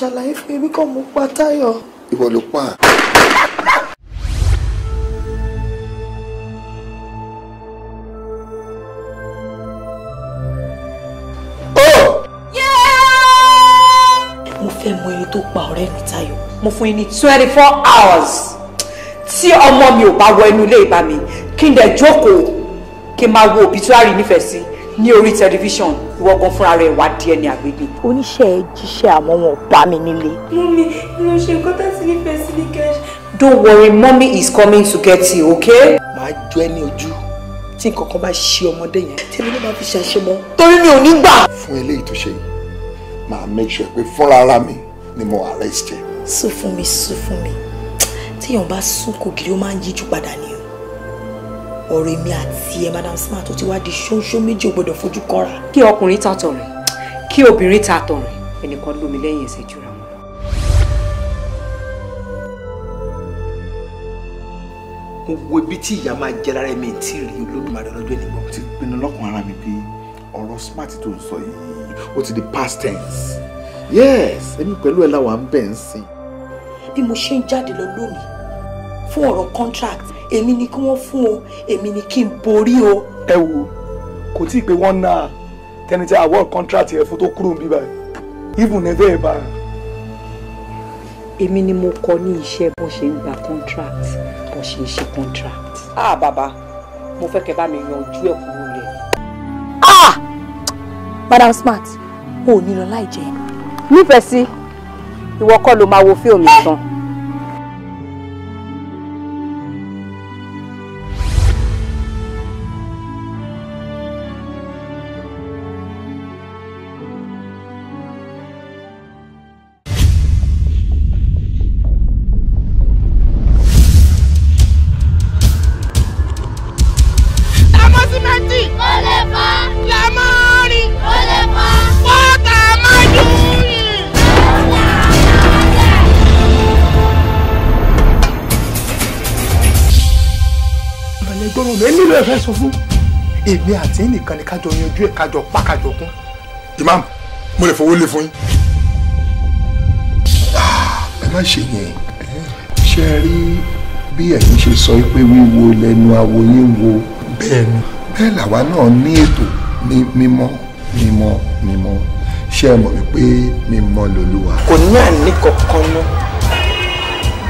ṣàlàyé fún èmi kọ́ mo pa Táyọ̀. ìwọ ló pa. mo fẹ́ mọ ẹni tó pa ọ̀rẹ́ mi Táyọ̀ mo fún yín ní twenty four hours tí ọmọ mi ò bá wọ inú ilé ìbá mi kí n dẹ̀ jókòó kí n máa wo òbítúárì nífẹ̀ẹ́ sí ní orí tẹlifíṣàn ìwọ fúnra rẹ wá díẹ̀ ní agbègbè. oníṣẹ́ jíṣẹ́ àmọ́ wọn ò bá mi nílé. mummy mo ṣe nǹkan tá sí nífẹ̀ẹ́ sí ní cash. don't worry mommy is coming to get you okay. màá jọ ẹ ní ojú tí nǹkan kan bá ṣe ọmọdé yẹn tèmi ló máa fi ṣàṣe mọ torí mi ò ní gbà. fún eléyìí tó ṣe yìí màá make sure pé fúnra ara mi ni mo arrest ẹ. sùn fún mi sùn fún mi tíyàn bá sún kò ó máa ń yíjú padà ní ọ̀rọ̀ èmi àti ẹ madam smart ó ti wá di ṣóńṣó méjì ò gbọdọ̀ fojú kọ́ra. kí ọkùnrin ta tọ̀rìn kí obìnrin ta tọ̀rìn ẹnìkan lómi lẹ́yìn ẹsẹ̀ jura wọn. mo wo ibi tí ìyá máa jẹ lára mi tí rí olódùmarè lọ́jọ́ ìnìgbà. mo ti pinnu lọ́kàn ara mi pé ọ̀rọ̀ smart tó ń sọ yìí ó ti di past tense yes èmi pẹ̀lú ẹ̀ làwọn à ń bẹ̀ ń sìn. bí mo ṣe ń jáde lọ lónìí fún ọ̀rọ̀ contract èmi ni kí wọ́n fún o èmi ni kí n borí o. ẹ wo kò tí ì pé wọ́n náà tẹni tí award contract yẹn fún tó kúrò ń bí báyìí even ẹ bẹ́ẹ̀ bá. èmi ni mo kọ ní iṣẹ́ bó ṣe ń gba contract bó ṣe ń ṣe contract. ah bàbá mo fẹ́ kẹ́ bá mi yanjú ẹ̀ kúrò lẹ̀. ah madam smart o ò ní lọ láì jẹ́. nífẹ̀ẹ́ sí ìwọ kọ́ ló máa wo fíìmù tán. èmi àti nìkan ni kájọ yanjú ẹ̀ kájọ pa kún. imam mo lè fowó lé fún yín. Ah, ẹ má ṣe yẹn eh, ṣe é rí bí ẹ̀yin ṣe sọ pé wíwo lẹ́nu awo yín wo bẹ́ẹ̀ ni bẹ́ẹ̀ làwa náà ní ètò ní mímọ́ mímọ́ mímọ́ ṣé ẹ mọ̀ wípé mímọ́ lolúwa. kò ní àní kankan ná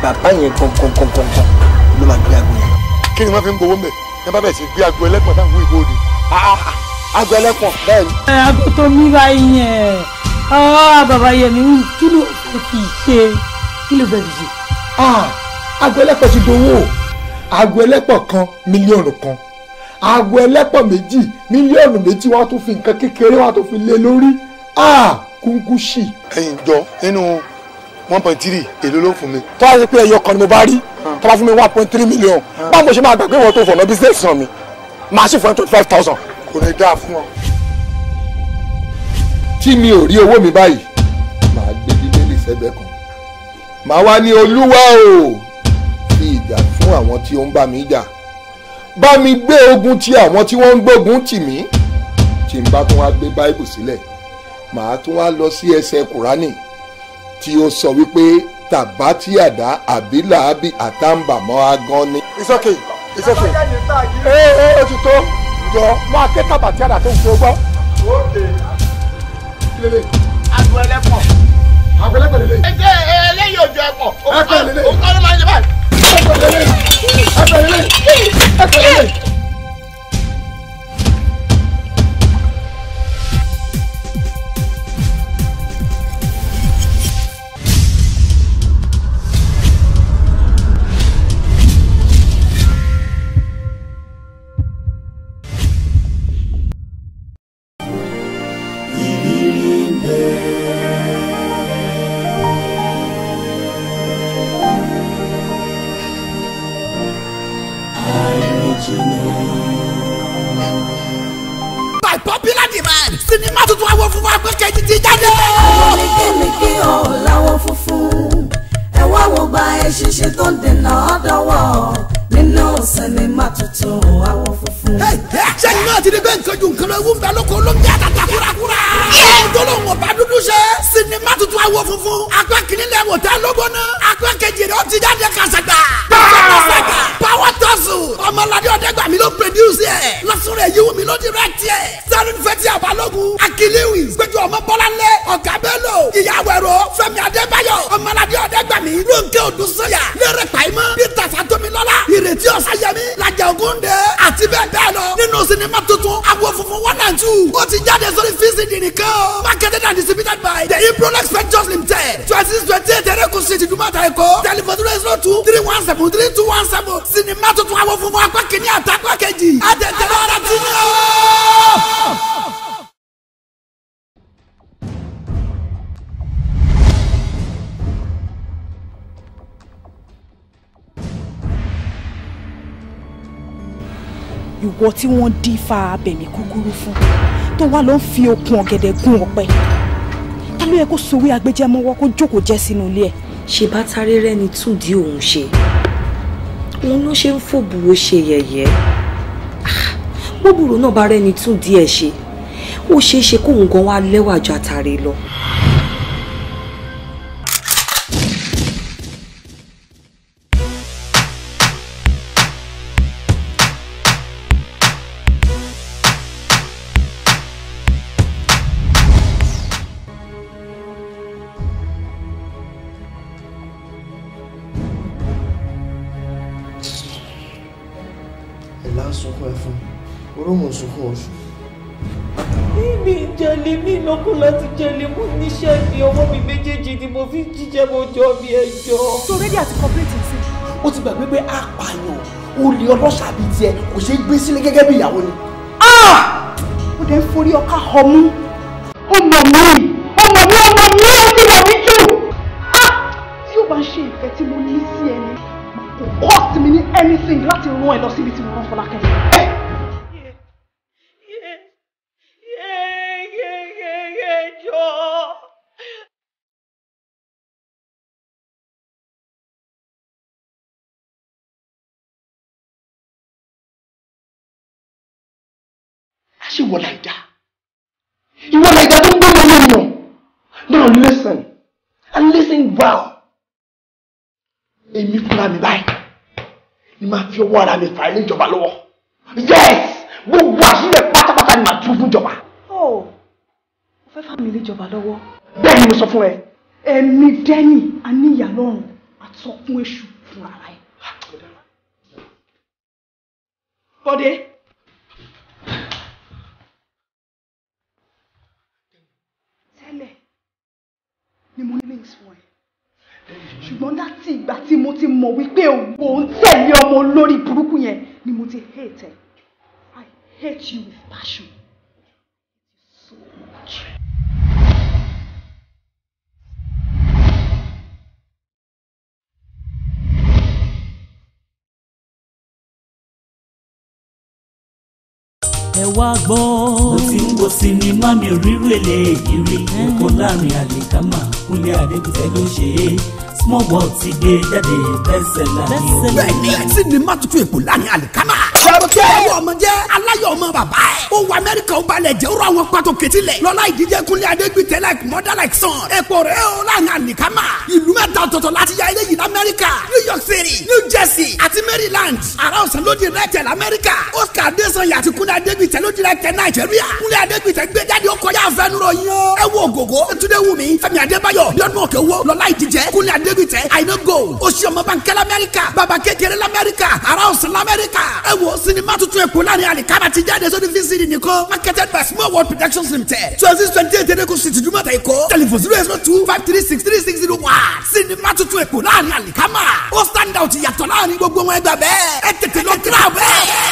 bàbá yẹn gangan gangan ló máa gbé àgbo yẹn. kí ni wọ́n fi ń gbowó mẹ́ẹ̀ yẹn bá bẹ̀rẹ̀ sí gbé agbo ẹlẹ́pọ̀n táwọn ìbò òde agbo ẹlẹ́pọ̀n bẹ́ẹ̀ ni. àgọ́ tó mi bá yẹn ah, bàbá yẹmi kí ló fẹ́ fi ṣe kí ló fẹ́ fi ṣe. agbo ẹlẹ́pọ̀n ti dowó agbo ẹlẹ́pọ̀n kan mílíọ̀nù kan agbo ẹlẹ́pọ̀n méjì mílíọ̀nù méjì wọ́n tún fi nǹkan kékeré wọ́n tún fi lé lórí ah, kúńkú sí. jọ nínú one point three èlò ló fún mi. tó bá yẹ pé ẹyọ kan ni mo bá rí tó bá fún mi one point three million báwo mo ṣe máa gbàgbé ìwọ tó fọ̀nà business ràn mí máa ṣe fún twenty five thousand. kò ní dáa fún ọ. tí mi ò rí owó mi báyìí màá gbé bíbélì sẹ́gbẹ́ kan màá wá ní olúwa o fi ìjà fún àwọn tí ó ń bá mi jà bá mi gbé ogun ti àwọn tí wọ́n ń gbógun tì mí tí n bá tún wá gbé báíbù sílẹ̀ màá tún wá lọ sí ẹsẹ̀ kùránì tí ó sọ wípé tàbátì àdá àtàǹbàmọ́ agán ni. it's okay it's okay ee ee o ti tó jọ máa ké tàbátì tó ń tó gbọ́. agbo ẹlẹ́pọ̀. agbo ẹlẹ́pọ̀ lele. ẹgbẹ́ eléyìí ò ẹ̀pọ̀. ẹ̀pẹ̀ lele. òun ló máa ń jẹ báyìí. ẹ̀pẹ̀ lele. ẹ̀pẹ̀ lele. ẹ̀pẹ̀ lele. wá wo funfun. apá kìíní lẹ wò tá lóbó náà. apá kejì rẹ ó ti jáde kàṣàgbà. kàṣàgbà power tussle. ọmọládé ọ̀dẹ́gbàmí ló produce ẹ̀. lọ́sọ̀rọ̀ èyí wù mí ló direct ẹ̀. sẹ́rin fẹ́tí àbálógun. akiliwi gbẹjọ ọmọ bọ́láńlẹ̀ ọ̀gá bello. ìyá wẹ̀rọ fẹ́mi adébáyọ̀. ọmọládé ọ̀dẹ́gbàmí. rónkẹ́ odùsọ̀yà. lérè pàìmọ́. peter satomilọ́lá. ìrètí ọ̀sáyẹmí. lajà ògúndé. àti bẹ́ẹ̀ bẹ́ẹ̀ lọ. nínú sinimá tuntun awo f and two ó ti jáde sórí fcd nìkan o marketed and distributed by the improlex ventures limited twenty six twenty eight ẹ̀rẹ́kùn ṣèjì dùmọ̀tà ẹ̀kọ́ telephone zero zero two three one seven three two one seven sinimá tuntun àwọn funfun apá kìíní àtàkùn kejì àtẹ̀tẹ̀ lọ́ra tí ní o. ìwọ tí wọ́n dí fa abẹ̀mí kúkúrú fún tó wá ló ń fi okùn ọ̀gẹ̀dẹ̀ gún ọ̀pẹ ta ló yẹ kó sowé agbẹjẹmọwọ kó jókòó jẹ́ sínú ilé ẹ̀. ṣe bá táré rẹni tún di òun ṣe òun ló ṣe ń fòbùrò ṣe yẹ̀yẹ́ ah, bóbùrò náà bá rẹni tún di ẹ̀ ṣe ó ṣeé ṣe kóun gan wá lẹ́wà ju àtàrí lọ. nǹkan oṣù. Níbi ìjẹ̀lẹ̀ ní ìnákú láti jẹ̀lẹ̀ mú níṣẹ́ ni ọwọ́ mi méjèèjì ni mo fi jíjẹ́ mo jọ bí ẹjọ́. So ready àti kọ́pẹ́rẹ́tì ti. Ó ti gbàgbé pé apààyàn olè ọlọ́ṣà bíi tiẹ̀ kò ṣeé gbé sílé gẹ́gẹ́ bí ìyàwó ni. Ah! Ó dẹ̀ ń forí ọkà ọmú. Ọmọ mi ọmọ mi ọmọ mi ó ti wà ní jù. Ah! Tí ó bá ń ṣe ìfẹ́ tí mo ní sí ẹni, kò cost mi ní anything láti rán ẹ lọ síbi tí mo rán Fọlákẹ́. Eh! listen and listen well. Èmi fúnra mi báyìí ni màá fi ọwọ́ ara mi fà ilé ìjọba lọ́wọ́. Yes! Gbogbo àṣírí ẹ̀ pátápátá ni màá tú fún ìjọba. Ó oh, fẹ́ fà mí ilé ìjọba lọ́wọ́. Bẹ́ẹ̀ ni mo sọ fún ẹ. Ẹ̀mí Dẹ́nì Aníyàlọ́run àtọkùn èṣù fún ara Bọ́dé. ni mo ní links fún ṣùgbọ́n láti ìgbà tí mo ti mọ̀ wípé òwò ń tẹ̀lé ọmọ olórí burúkú yẹn ni mo ti hate ẹ I hate you with passion so much. wá gbọ́. mo ti ń wo sinimá mi ò rírò eléyìí rí ẹ̀kọ́ láàrin àlìkámà kúnlé àdébùtẹ́ ló ṣe é small world ti gbé jáde bẹ́sẹ̀lá ni o. bẹ́ẹ̀ni ẹtí ni má tutù èkó láàrin àlìkámà. sọ̀rọ̀ kí ẹ wọ ọmọ jẹ́ aláyọ̀ ọmọ bàbá ẹ̀. ó wọ amẹ́ríkà ó balẹ̀ jẹ́ ó rọ àwọn pàtó kẹtílẹ̀. lọ́lá ìdíje kúnlẹ̀ adégbìtẹ́ like mother like son. ẹ̀pọ̀ rẹ̀ ó láàrin àlìkámà. ìlú mẹ́ta ọ̀tọ̀ọ̀tọ̀ láti ya eléyìí lamẹ́ríkà. new york city new jersey àti maryland. ara ọ̀sán ló di rẹ̀ tẹ̀ lamẹ́ríkà. oscar adesanya àti kúnlẹ̀ adégbìtẹ́ ló di rẹ̀ tẹ̀ nàìjíríà. kúnlẹ̀ adégbìtẹ́ gbé jáde kọjá àfẹnuro yín o. ẹ wo ògògó túnde wù mí fẹ́mi adébáyọ̀ bíọ́nù òkè wo lọ́lá ìdíjẹ́ kúnlẹ̀ adébítẹ́ àìná gold oṣù ọmọ bankẹ́ lamẹ́ríkà baba kékeré lamẹ́ríkà ara ọ̀sán lamẹ́ríkà ẹ wo sinimá tuntun èkó láàrin àlìkámà ti jáde sóni vcd nìkan marketed by small world productions limited twenty twenty eight erékùn street jùmọ̀ tẹ̀ èkó telephone zero eight zero two five three six three six zero one sinimá tuntun èkó láàrin àlìkámà ó stand out yàtọ̀ láàrin gbogbo wọn ẹgbà bẹ́ẹ̀ ẹ tètè lọ kíra bẹ́ẹ̀.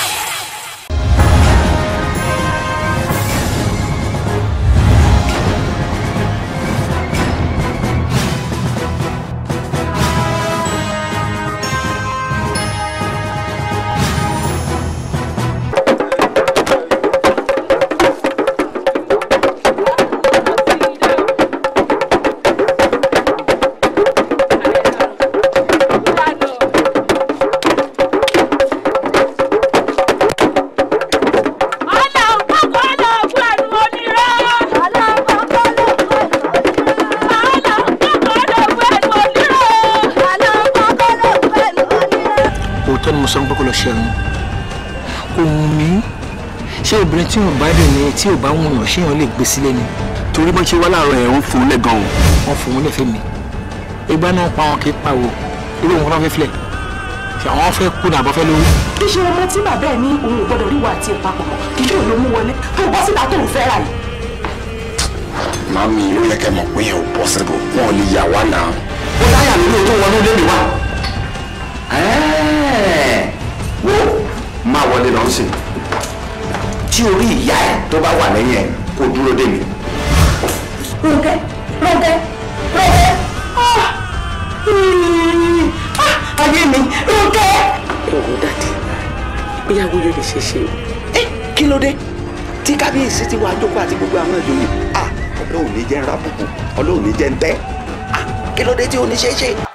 tí ò bá wùyàn ṣéyàn lè gbé sílé ni. torí bó ṣe wá láàárọ̀ ẹ̀ ń fòun lẹ́gàn o. wọ́n fòun lẹ́fẹ̀ẹ́ mi ìgbà náà pa wọn kì í pa wò ilé òun náà fẹ́ filẹ̀ àwọn fẹ́ kú ní àbọ̀fẹ́ lówó. kí ṣe ọmọ tí bàbá ẹ ní òun ò gbọdọ̀ ríwà àti ìpapọ̀ kì í ló mú wọlé tó bọ́ síta tó ń fẹ́ ra yìí. màmí ó yẹ kẹ́ mọ̀ pé ẹ bọ́ síbò wọn ò lè yà wá náà. ó dáyà nínú tó wọnú lórí wa. wo máa wọlé lọ́sìn tí orí ìyá ẹ̀ tó bá wà lẹ́yìn ẹ̀ kó dúró dé mi. Ronke Ronke Ronke ayé mi Ronke. ọ̀hún dàdí ìyàwó yóò lè ṣe ṣe. ẹ eh, kí ló dé tí kábíyèsí ti wá jókòó àti gbogbo àwọn ìjòyè ah! ọlọ́run ní jẹ́ ń rábùkù ọlọ́run ní jẹ́ ń tẹ́ ah! kí ló dé tí oníṣẹ́ṣe.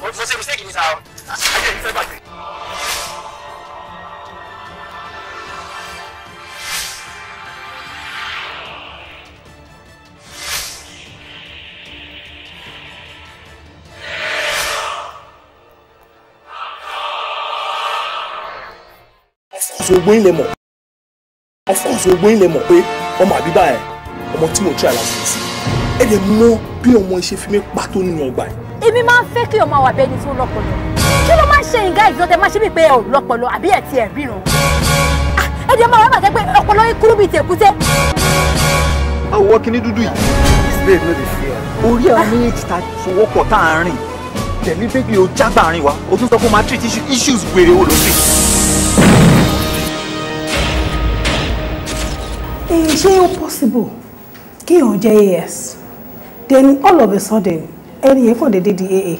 mo ṣe mistake ni sa o ayé mi fẹ́ gbàgbé. ṣògbó yín lè mọ̀ ọ̀fọ̀ṣògbó yín lè mọ̀ pé ọmọ àbíbá ẹ̀ ọmọ tí mo tí a lásìkò sí ẹ lè mọ bí ọmọ ṣe fi mí pa tó nínú ọgbà yìí. èmi máa ń fẹ́ kí ọmọ àwàbẹ́ ẹni tó lọ́pọlọ kí ló máa ń ṣe ìgá ìjọ tẹ máa ṣe wípé ọ̀ lọ́pọlọ àbí ẹ̀ ti ẹ̀ ríran. Ah, ẹ jẹ́ máa wá bàtẹ́ pé ọpọlọ yín kúrú bíi tèkúté. àwọ̀ kìíní dúdú yìí. this babe no dey fear. orí àwọn méjì ta fowópọ̀ tá à rìn tẹ̀mí bébí o jágbà àárín wa o tún sọ pé máa issues wèrè wo ló fi. ṣé ó possible kí èèyàn jẹ́ as Then all of a sudden, ẹni yẹn kàn déédéé di AA.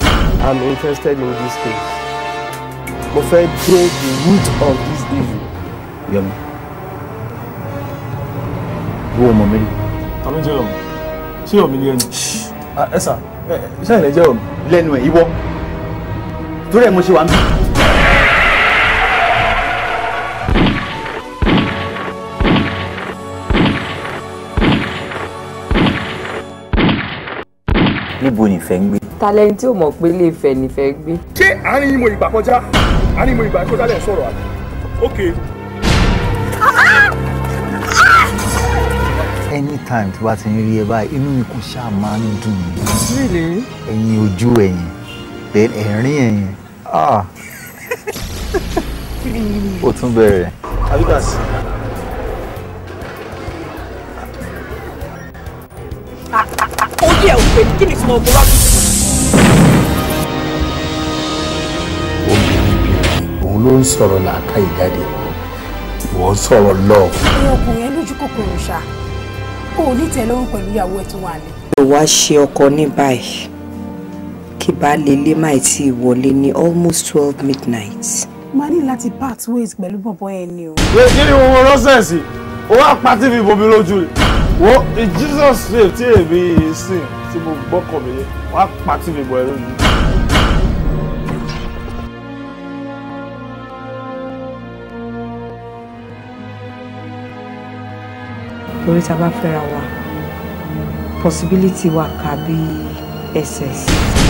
I'm interested in this case. Mo fẹ́ dé the root of this issue. Yomi, wo ọmọ mi rí. Àmì jẹ́ Yomi, ṣé Yomi ni ẹni? Ah, ẹ sà, ṣé ẹ̀rẹ̀ jẹ́ Yomi? Lẹ́nu ẹ̀, ìwọ. Torí ẹ̀ mo ṣe wà ń bí. níbo nìfẹ́ ń gbé. talẹ́ni tí ò mọ̀ pé ilé Ifẹ̀ nìfẹ́ gbé. ṣé àárín ìmọ̀ ìgbà kọjá àárín ìmọ̀ ìgbà kọjá lẹ̀ sọ̀rọ̀ àná ok. anytime tí wàá ti ń rí ẹ báyìí inú mi kò ṣáà máa ń dùn mí. really? ẹ̀yin ojú ẹ̀yin then ẹ̀rín ẹ̀yin ah. ó tún bẹ̀rẹ̀. abigas. kí ni ìtumọ̀ ọ̀pọ̀ láti. obìnrin bìnrin òun ló ń sọ̀rọ̀ làákà sọ̀rọ̀ lọ. ẹ ọkùnrin ẹ lójú kòkòrò ṣá o ò ní tẹ pẹ̀lú ìyàwó ẹ̀ tó wà ní. ó wá ṣe ọkọ ní báyìí kí baálé ilé má ti wọlé ní almost twelve midnight. máa ní láti part ways pẹ̀lú bọ̀bọ̀ ẹ ni o. kí ni mo rọ́ṣẹ̀sì ó wá pa tv bomi lójú rẹ̀ wo Jesus name tí èmi sìn tí mo gbọ́kàn mi yẹn wọ́n á mi bọ̀ ẹ̀rọ yìí. torí tá bá fẹ́ra wa possibility wa kà bí ẹsẹ̀ sí i.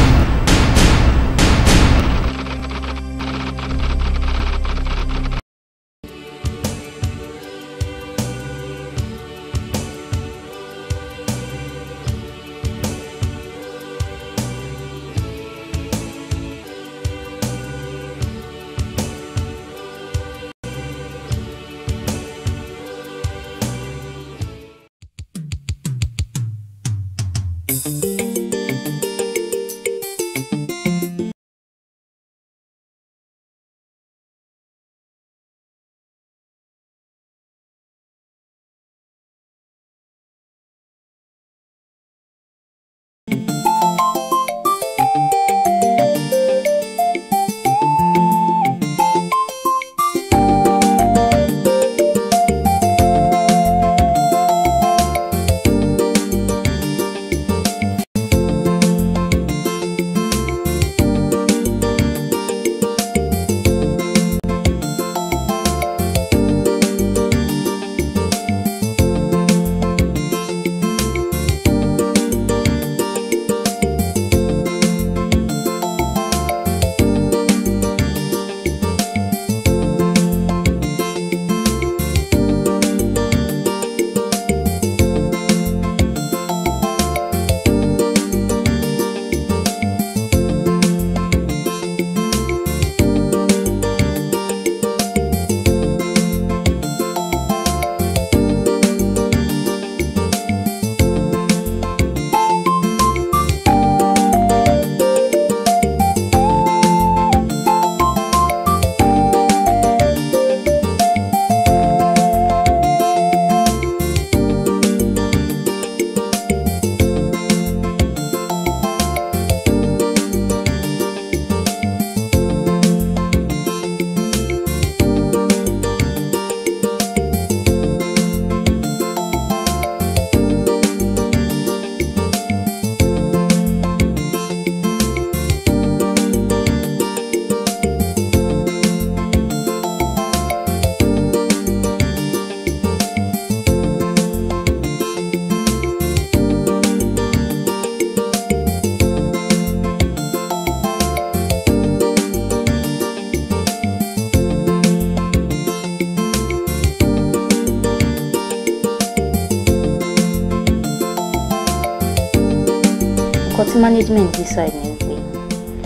management decide ni pé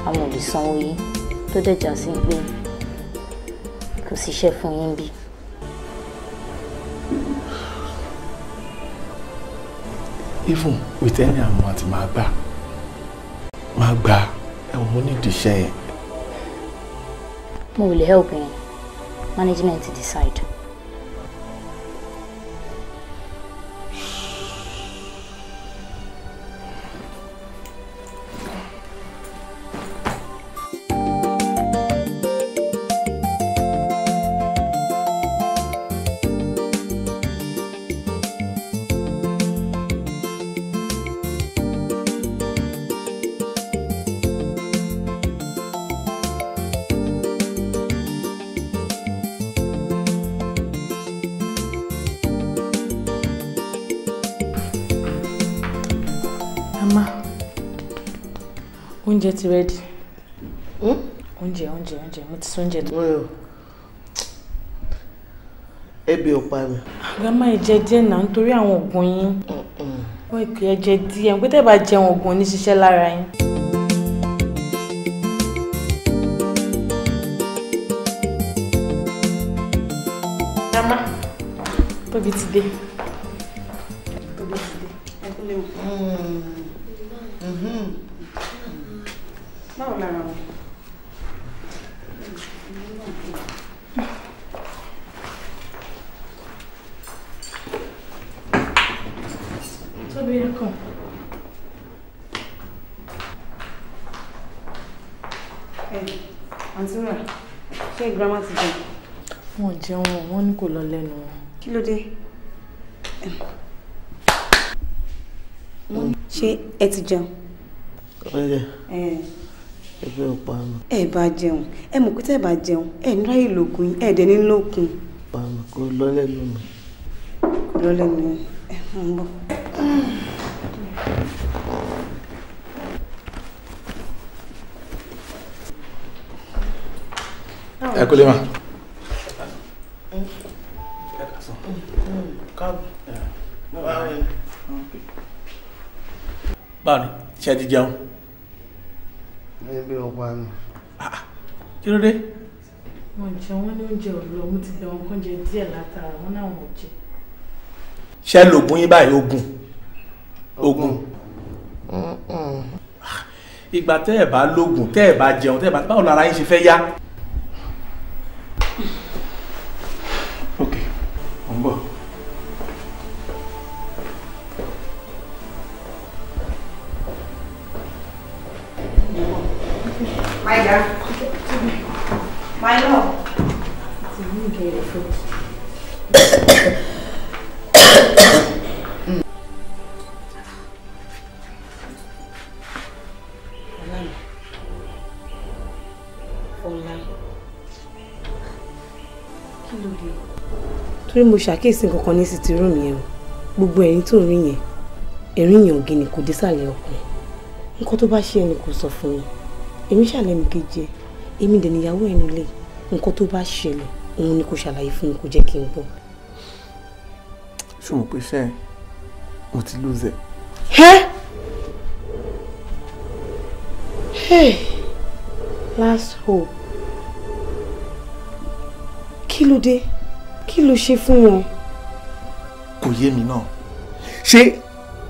àwọn ò lè sanwó yín tó dẹ̀ já sí pé kò síṣẹ́ fún yín bí. even with any amount máa gbà máa gbà ẹ̀wọ̀n mo ní ìdíṣẹ́ yẹn. mo lè help yín management decide. oúnjẹ ti rẹ́dì hmm? oúnjẹ oúnjẹ oúnjẹ mo ti sọ oúnjẹ tó. ebi ò pa mi. grandma ẹ jẹ díẹ̀ náà nítorí àwọn oògùn yín wọn ìpè ẹ jẹ díẹ̀ pé tẹ́ bá jẹun oògùn ní ṣiṣẹ́ lára yín. tóbi ti dé. ló dé. ṣé ẹ ti jẹun. oúnjẹ ẹgbẹ́ ò pa mí. ẹ bá jẹun ẹ mọ̀ pé tẹ́ ẹ bá jẹun ẹ ní ráyè lókun ẹ dẹ̀ ní lókun. pa mí kó lọ́lẹ̀ lù mí. lọ́lẹ̀ lù mí ẹ ń bọ̀. ẹ kò lè máa. Come. Yeah. No, wow. yeah. Okay. Báwo ni, ṣe ti jẹun? Ẹgbẹ́ ọ̀pá ni. Ah, kí ló dé? Wọ́n jẹun, wọ́n ní oúnjẹ òlò, mo ti lẹ́wọ̀n kan jẹ díẹ̀ látara, wọ́n náà wọ̀ jẹ. Ṣé lògùn yín báyìí ogun? Ogun. Ah, ìgbà tẹ́ ẹ̀ bá lógun, tẹ́ ẹ̀ bá jẹun, tẹ́ ẹ̀ bá báwo lára yín ṣe fẹ́ yá? Ok, mo ń bọ̀. my dear. My love. torí mo ṣàkíyèsí nǹkan kan ní city room yẹn o gbogbo ẹ̀rín tó ń rí yẹn ẹ̀rín yẹn ògì ni kò désàlẹ̀ ọkùnrin nǹkan tó bá ṣe ẹni kò sọ fún mi èmi ṣàlẹ́nu kejì ẹ̀ èmi dẹ̀ níyàwó ẹ̀ nílé nǹkan tó bá ṣẹlẹ̀ òun ni kò ṣàlàyé fún mi kò jẹ́ kí n bọ̀. ṣùgbọ́n pé ṣe mo ti lose ẹ. ẹ last hope kí ló dé kí ló ṣe fún wọn. kò yé mi náà ṣé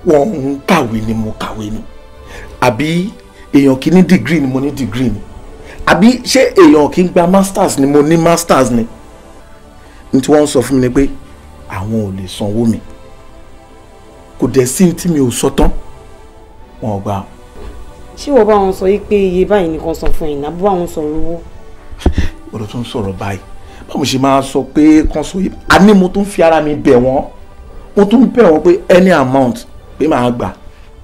wọn ń kàwé ni mo kàwé ni àbí èèyàn kì í ní degree ni mo ní degree ni àbí ṣé èèyàn kì í gba masters ni mo ní masters ni n tí wọ́n sọ fún mi ni pé àwọn ò lè sanwó mi kò dẹ̀ sí tí mi ò sọ tán wọn ò gbà. ṣé wọ́n bá wọn sọ yìí pé iye báyìí nìkan san fún ìná bó àwọn sọ̀rọ̀ owó. ọ̀rọ̀ tó ń sọ̀rọ̀ báyìí báwo ṣe máa sọ pé kan sọ yìí àní mo tún fi ara mi bẹ̀ wọ́n mo tún bẹ̀ wọ́n pé any amount pé màá gbà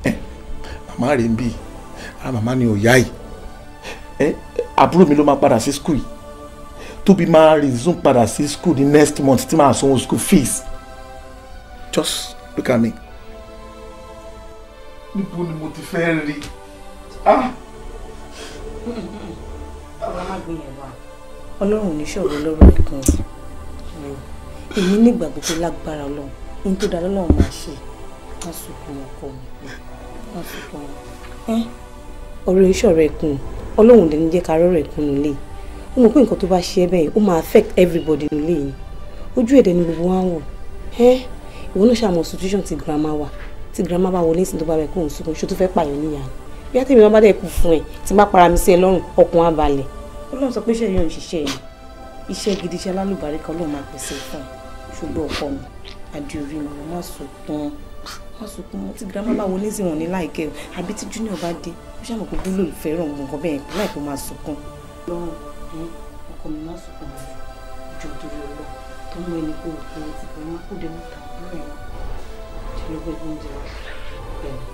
ẹ̀ màmá rèé ń bíi ara ah, màmá ni ò yá yìí ẹ àbúrò mi ló máa padà sí school yìí tóbi máa resume padà sí school ní next month tí màá sanwó school fees just look at me. níbo ni mo ti fẹ́ rí ah. ọba má gbìyànjú ọlọ́run oníṣòro lọ́rọ̀ ẹ̀gbọ́n èmi nígbàgbọ́ pé lágbára ọlọ́run ohun tó dáa lọ́lọ́run máa ṣe má sùn kún ọkọ mi má sùn kún ọ ọ̀rọ̀ ìṣọ̀rọ̀ ẹ̀kún ọlọ́run lè ní jẹ́ ká rọ̀rọ̀ ẹ̀kún nílé ó mọ̀ pé nǹkan tó bá ṣe ẹ́ bẹ́ẹ̀ ó máa affect everybody nílé yìí ojú èdè ni gbogbo wa ń wò ẹ́ ìwọ náà ṣàmọ̀ situation ti grandma wa tí grandma bá wọlé ìsìn tó bá bẹ kóhùn sunkún ṣó tó fẹ́ pààyàn níyà ni bí á tèmi bá dẹ̀ kú fún ẹ tí bá para mi sí ẹ lọ́rùn ọkùn á balẹ̀ ọlọ́run sọ pé iṣẹ́ yóò ń ṣiṣẹ́ yìí iṣẹ́ gidi iṣẹ́ alálùbárí kan lọ́run máa pèsè fún ẹ ṣùgbọ́n ọkọ mi àdìorí mi mo má sùn tán wọ́n sọ pé ti girama bá wọlé sí wọn ní láìkẹ́ o àbí tí junior bá dé ó ṣàmọ̀ pé bólú fẹ́ràn òun nǹkan bẹ́ẹ̀ láìpẹ́ máa sunkún. lọ́rùn ọkọ mi máa sunkún mi jọ torí ọlọ tó mú ẹni kó òkú ẹni tí kò máa kó dé mú tàbí rẹ̀ wọ́n ti lọ́gbẹ̀ẹ́ oúnjẹ rẹ̀ pẹ̀lú.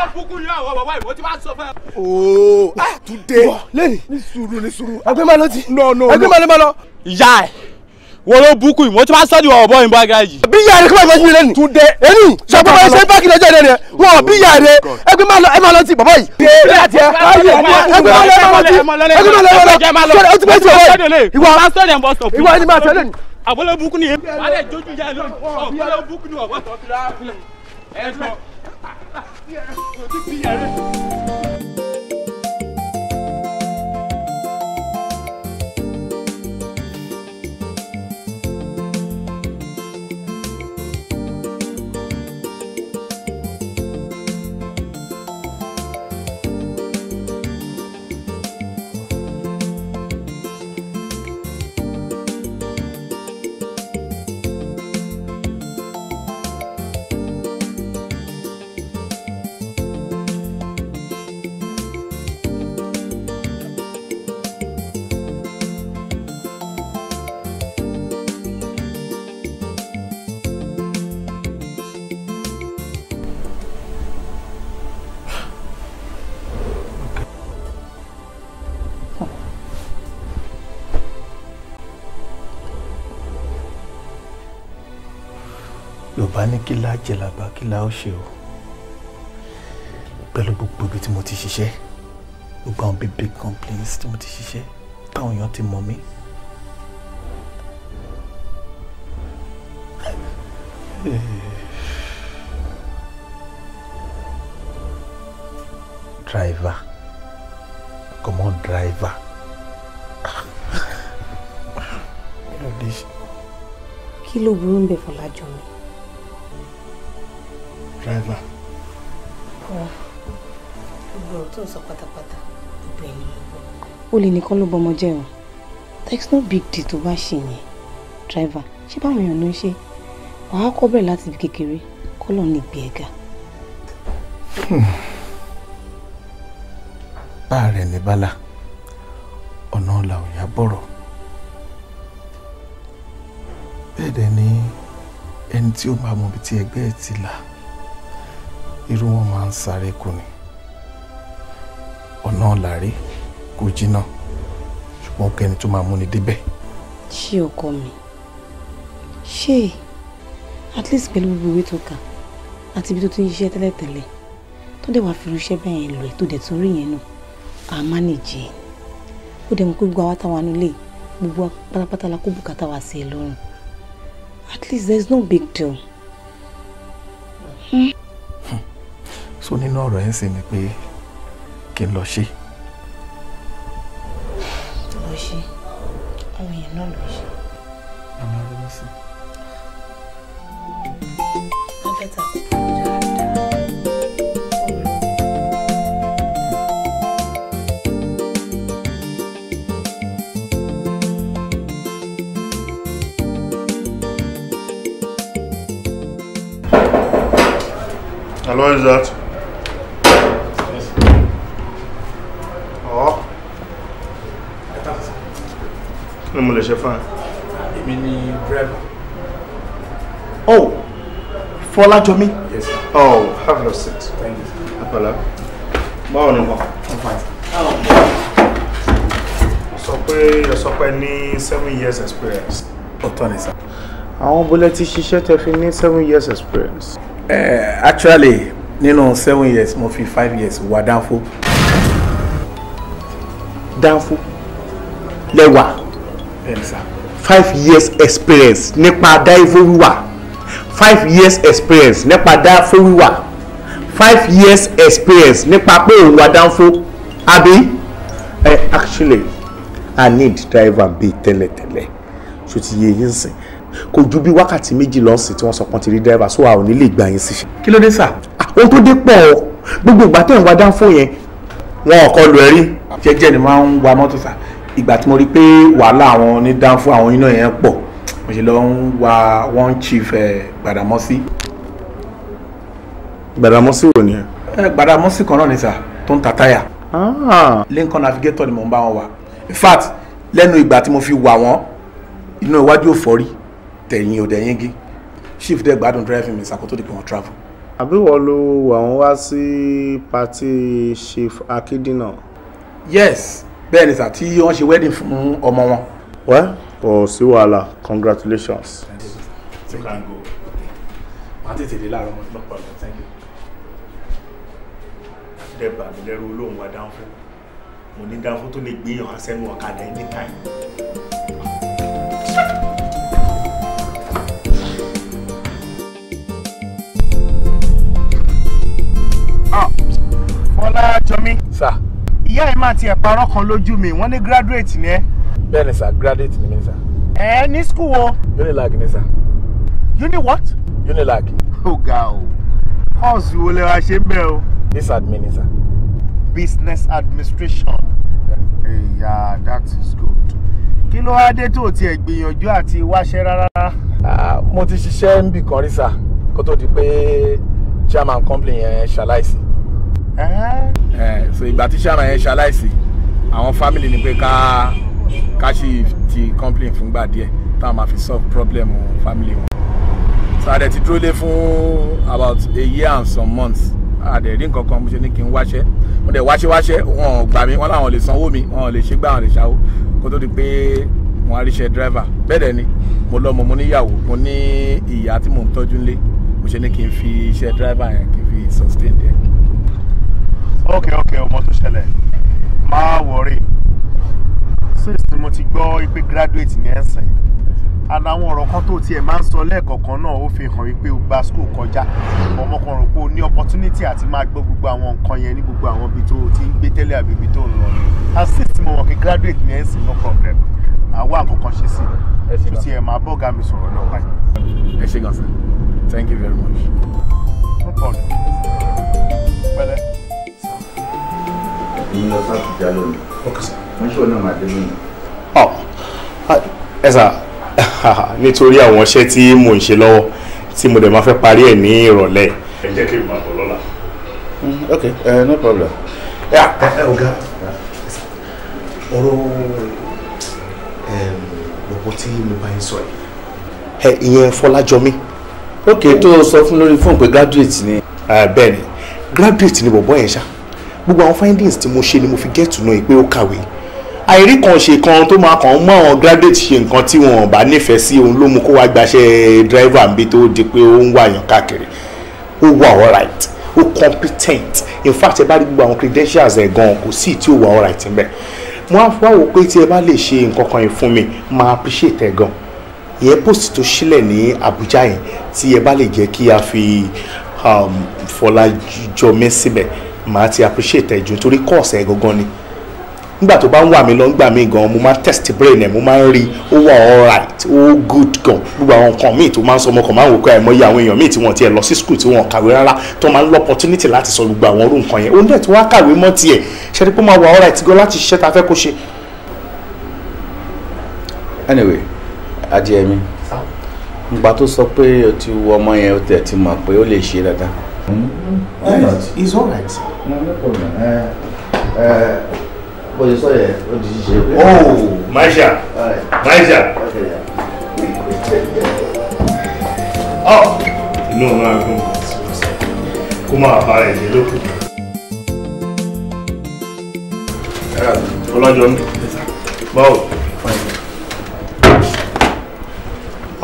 wọ́n bukú ní àwọn bàbá ìwọ tí wọ́n sọ fún ẹ. ooo àtúndé ah, ah, lẹ́yìn ní sùúrù ní sùúrù. àgbẹ̀ máa lọ ti. no no no àgbẹ̀ máa lọ máa lọ. ìyá ẹ̀ wọ́n ló bukú ìwọ tí wọ́n sọ́ di wọ̀ bọ́ ìbọn agra yìí. bí ìyá rẹ kí wọ́n fẹ́ yín lẹ́nu. túndé ẹni sọgbọ́n bá ṣe báàkì lọ́jọ́ ìrẹ́rẹ́ oh wọn bí ìyá rẹ ẹgbẹ́ máa lọ ẹ máa lọ ti bàbá yìí. bí a tiẹ̀ ẹgbẹ́ máa lọ ẹ máa lọ ti ẹgbẹ́ máa lọ ẹ máa lọ sọ́dọ̀ ó ti bẹ́ẹ̀ ti ọ̀rọ̀ 来，闭眼，我就闭眼。bàbá ní kí la jẹ làbá kí la ó ṣe o pẹ̀lú gbogbo ibi tí mo ti ṣiṣẹ́ gbogbo àwọn big big complaints tí mo ti ṣiṣẹ́ táwọn èèyàn ti mọ̀ mí. driver comment driver kí ló burú ń bẹ Fọlájọmí olè nìkan ló bọmọ jẹ́ o there's no big deal tó bá ṣe yẹn driver ṣé báwọn èèyàn ló ń ṣe wàá kọ́ bẹ̀rẹ̀ láti ibi kékeré kọ́lọ̀ ní ìgbé ẹ̀gà. bá a rẹ̀ ní bala ọ̀nà ọ̀la ò yá bọ̀rọ̀ bẹ́ẹ̀ dẹ̀ ni ẹni tí ó máa mọ ibi tí ẹgbẹ́ ẹ̀ ti là irú wọn máa ń sáré kù ni ọ̀nà ọ̀la rèé kò jìnnà ṣùgbọ́n ó kẹ́ni tó máa múni débẹ̀. ṣé ọkọ mi ṣé at least pẹ̀lú gbogbo ìwé tó kà àti ibi tó ti ń ṣiṣẹ́ tẹ́lẹ̀tẹ́lẹ̀ tó dẹ̀ wá fi irúṣẹ́ bẹ́ẹ̀ yẹn lọ ẹ̀ tó dẹ̀ tún rí yẹn nù á má nìjẹ́ ó dẹ̀ mú pé gbogbo àwọn táwọn anú gbogbo pátápátá la kó bùkátà wá sí ẹ lọ́rùn at least there is no big deal. Hmm? hmm. so nínú ọ̀rọ̀ ẹ̀ ń ni pé kí n lọ ṣe no lose. I'm not losing. I alô kí ni mo lè ṣe fún ẹ. ni breva. oh Fọlájọmí. yes oh have your seat. thank you sir. apala báwo ni wọn. fine. sọ pé ẹ sọ pé ní seven years experience. ọ̀tọ̀ ni sir. àwọn bọ́lẹ̀ ti ṣiṣẹ́ tẹ fi ní seven years experience. Uh, actually nínú seven years mo fi five years wà dánfó. dánfó lẹ́wà five years experience nípa dáìfó wíwà five years experience nípa dáìfó wíwà five years experience nípa pé òun wà dáńfó àbí ẹ actually i need driver bíi tẹ́lẹ̀tẹ́lẹ̀ ṣó ti yé yín sìn kò ju bí wákàtí méjì lọ́sìn tí wọ́n sọ pọ́n ti rí driver so a ò ní lè gbà yín síṣẹ́. kí ló dé sà. Ah, ohun tó dé pọ̀ o gbogbo ìgbà tẹ̀ ń wá dáńfó yẹn wọn ò kọlu ẹ̀rí. jẹ́jẹ́ ni máa ń wa mọ́tò sà ìgbà tí mo rí pé wàhálà àwọn onídàáfó àwọn iná yẹn pọ̀ mo ṣe lọ ń wa one chief eh, Gbàdámọ́sí. Gbàdámọ́sí wo ni ẹ. Eh, Gbàdámọ́sí kan náà ni sà tó ń ta táyà. Ah. Lincoln navigator ni mò ń bá wọn wà in fact lẹ́nu ìgbà tí mo fi wà wọ́n inú iwájú ò fọ́ tẹ̀yìn ò dẹ̀yìn gí chief dẹ̀ gbádùn driving mi sàkótó di pé wọ́n travel. àbí wọ́n lo àwọn wá sí pati chief akíndínà. yes bẹ́ẹ̀ ni sà tí wọ́n ṣe wedding fún ọmọ wọn. wẹ́ kò sí wàhálà congratulations. you can go. wọ́n á tètè dé láàárọ̀ mọ́ ìgbà pọ̀lọ̀ thank you. dẹ́gbà mi lẹ́rú olóhùn wa dáhùn fún mo ní dáhùn fún tó lè gbé ìhàn sẹ́nu ọ̀kadà ẹni táyì. Ah, Fọlá Jọmí. Sà ìyá ẹ̀ máa tiẹ̀ parọ́ kan lójú mi wọ́n ní graduate ni ẹ́. bẹ́ẹ̀ ni graduate ni mi sà. ẹ ní school o. unilag ni sà. uni what. unilag. ó ga o course wo lè wá ṣe ń bẹ̀ o. business admin ni business administration. ẹ̀yà yeah, that is good. kí ló wá dé tó tiẹ̀ gbìyànjú àti wáṣẹ́ rárá. mo ti ṣiṣẹ́ ń bì kan rí sà kó tó di pé chairman company yẹn ṣaláìsí so ìgbà tí sàrà yẹn ṣaláìsí àwọn family ni pé ká ká sì ti complain fúngbà díẹ̀ táwọn máa fi solve problem family wọn so àdẹ̀ ti dúró lé fún about a year and some months àdẹ̀ rí nǹkan kan mo ṣe ní kí n wáṣẹ́ mo dẹ̀ wáṣẹ́ wáṣẹ́ wọn ò gbà mí wọn làwọn lè sanwó mi wọn lè ṣe gbà wọn lè ṣàwó kó tó di pé wọn á ríṣẹ́ driver bẹ́ẹ̀ dẹ̀ ni mo lọ́mọ mo níyàwó mo ní ìyá tí mò ń tọ́jú nílé mo ṣe ní kí n fi iṣẹ́ driver yẹn kí n fi sustain there okay okay ọmọ tó ṣẹlẹ̀ máa wọ̀rí since mo ti gbọ́ pé graduate ní ẹ̀sìn and àwọn ọ̀rọ̀ kan tó tiẹ̀ máa ń sọ lẹ́ẹ̀kọ̀ọ̀kan náà ó fi hàn wípé o gba school kọjá ọmọ kan rò pé o ní opportunity àti máa gbọ́ gbogbo àwọn nǹkan yẹn ní gbogbo àwọn ibi tó o ti ń gbé tẹ́lẹ̀ àbí ibi tó ń lọ and since mo mọ̀ pé graduate ní ẹ̀sìn no problem àwa àkọ́kọ́ ṣe sí i tó tiẹ̀ máa bọ́ọ̀gá mi sọ̀rọ̀ náà báyìí. ẹ ṣé gan sir thank you very much. no problem. pẹ̀lẹ́ èmi lọ sí àbújá lónìí. ọkọ sà. wọn ṣe ọ̀nà màdé lónìí. ọ ẹ sà nítorí àwọn iṣẹ́ tí mò ń ṣe lọ́wọ́ tí mo dẹ̀ máa fẹ́ parí ẹ̀ ní ìrọ̀lẹ́. ẹ jẹ́ kí n máa bọ̀ lọ́la. Mm, ok uh, no problem. Ah, ah, eh, ọ̀gá ọ̀rọ̀ ọ̀pọ̀ tí mo bá yín sọ ẹ̀. ìyẹn Fọlájọmí. ok tó o sọ fún lórí fóònù pé graduate ni. Eh, bẹ́ẹ̀ ni graduate ni bọ̀bọ́ yẹn ṣáà gbogbo àwọn findings tí mo ṣe ni mo fi get to know pé ó kàwé àìrí kan ṣe kan tó máa kàn mọ àwọn graduate ṣe nǹkan tí wọn bá nífẹ̀ẹ́ sí òun ló mú kó wá gbaṣẹ́ driver nbí tó di pé ó ń wàyàn káàkiri ó wà alright ó competent in fact ẹ bá rí gbogbo àwọn credentials ẹ̀ gan kò sí tí ó wà all right. bẹ̀ mo á fọwọ́ wò pé tí ẹ bá lè ṣe nǹkan kan yìí fún mi máa appreciate ẹ gan ìyẹn post tó sílẹ̀ ní Abuja yẹn tí ẹ bá lè jẹ́ kí a fi um, Fọlájọmí síbẹ̀. Um, màá ti appreciate ẹ̀jú nítorí course ẹ̀ gangan ni nígbà tó bá ń wà mí lọ nígbà míì gan mo máa test brain ẹ mo máa ń rí ó wà alright ó good gan gbogbo àwọn nǹkan míì tó máa ń sọ ọmọkàn máa ń wò pé àìmọye àwọn èèyàn míì tí wọ́n tiẹ̀ lọ sí school tí wọ́n kàwé rárá tó máa ń lọ opportunity láti sọ gbogbo àwọn orú nǹkan yẹn ó dẹ̀ tí wọ́n á kàwé mọ́ tiẹ̀ ṣe ni pé ó máa wà alright gan láti ṣiṣẹ́ ta fẹ́ kó ṣe. anyway adìẹ mi ìgbà tó sọ pé o ti wọ ọmọ yẹn o tẹ̀ ti mọ̀ pé ó lè ṣe dáadáa Hmm? why not it's all right. bó ṣe eh, eh, sọ yẹ ó di ṣíṣe. oh maisha maisha. Oh! inú ọ̀nà agbọ̀n kó máa bá ẹ̀ lé lókun. ọlọ́jọ́ mi báwo.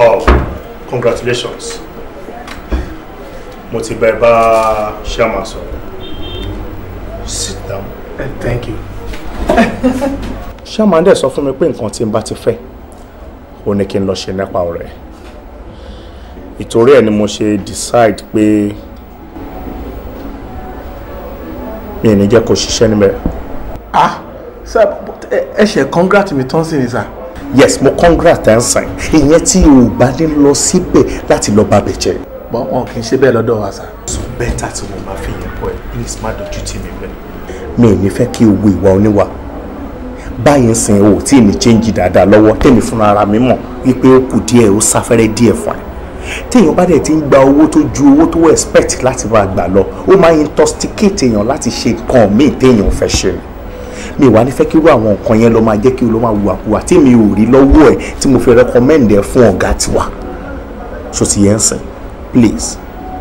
Oh, congratulations mo ti bẹ bá ṣẹ́mà sọ̀rọ̀ sit down. Eh, thank you. ṣẹ́mà dẹ̀ sọ fún mi pé nǹkan tí n bá ti fẹ́ ó ní kí n lọ ṣe nípa ọ̀rẹ́ ìtorí ẹ̀ ni mo ṣe decide pé mi ò ní jẹ́ kó ṣiṣẹ́ níbẹ̀. ah sir eh, ẹ ṣe congrats mi tán sí ni sir yes mo congrats ẹ̀ ń sàn ìyẹn tí o ò lọ síbẹ̀ láti lọ bá bẹ̀ jẹ́ pọ̀ wọn kì í ṣe bẹ́ẹ̀ lọ́dọ̀ wa sà. so bẹ́tà tí mo máa fi yẹn kọ ẹ please má dojú tì mí bẹ́ẹ̀. mi ò ní fẹ́ kí o wo ìwà oníwà báyìí ń sin o tí èmi change dáadáa lọ́wọ́ tèmi fúnra ara mi mọ̀ wípé ó kù díẹ̀ ó sáfẹ́rẹ́ díẹ̀ fún ẹ téèyàn bá dẹ̀ ti ń gba owó tó ju owó tó expect láti máa gbà lọ ó máa ń intoxicate èèyàn láti ṣe nǹkan míì téèyàn fẹ́ ṣe ni mi wà ní fẹ́ kí irú àwọn nǹkan yẹn lọ máa jẹ́ kí o lọ máa wùwà kùwà tí mi ò rí lọ́wọ́ ẹ̀ tí mo fi recommend ẹ fún ọ̀gá tiwa so ti yẹn ń sìn please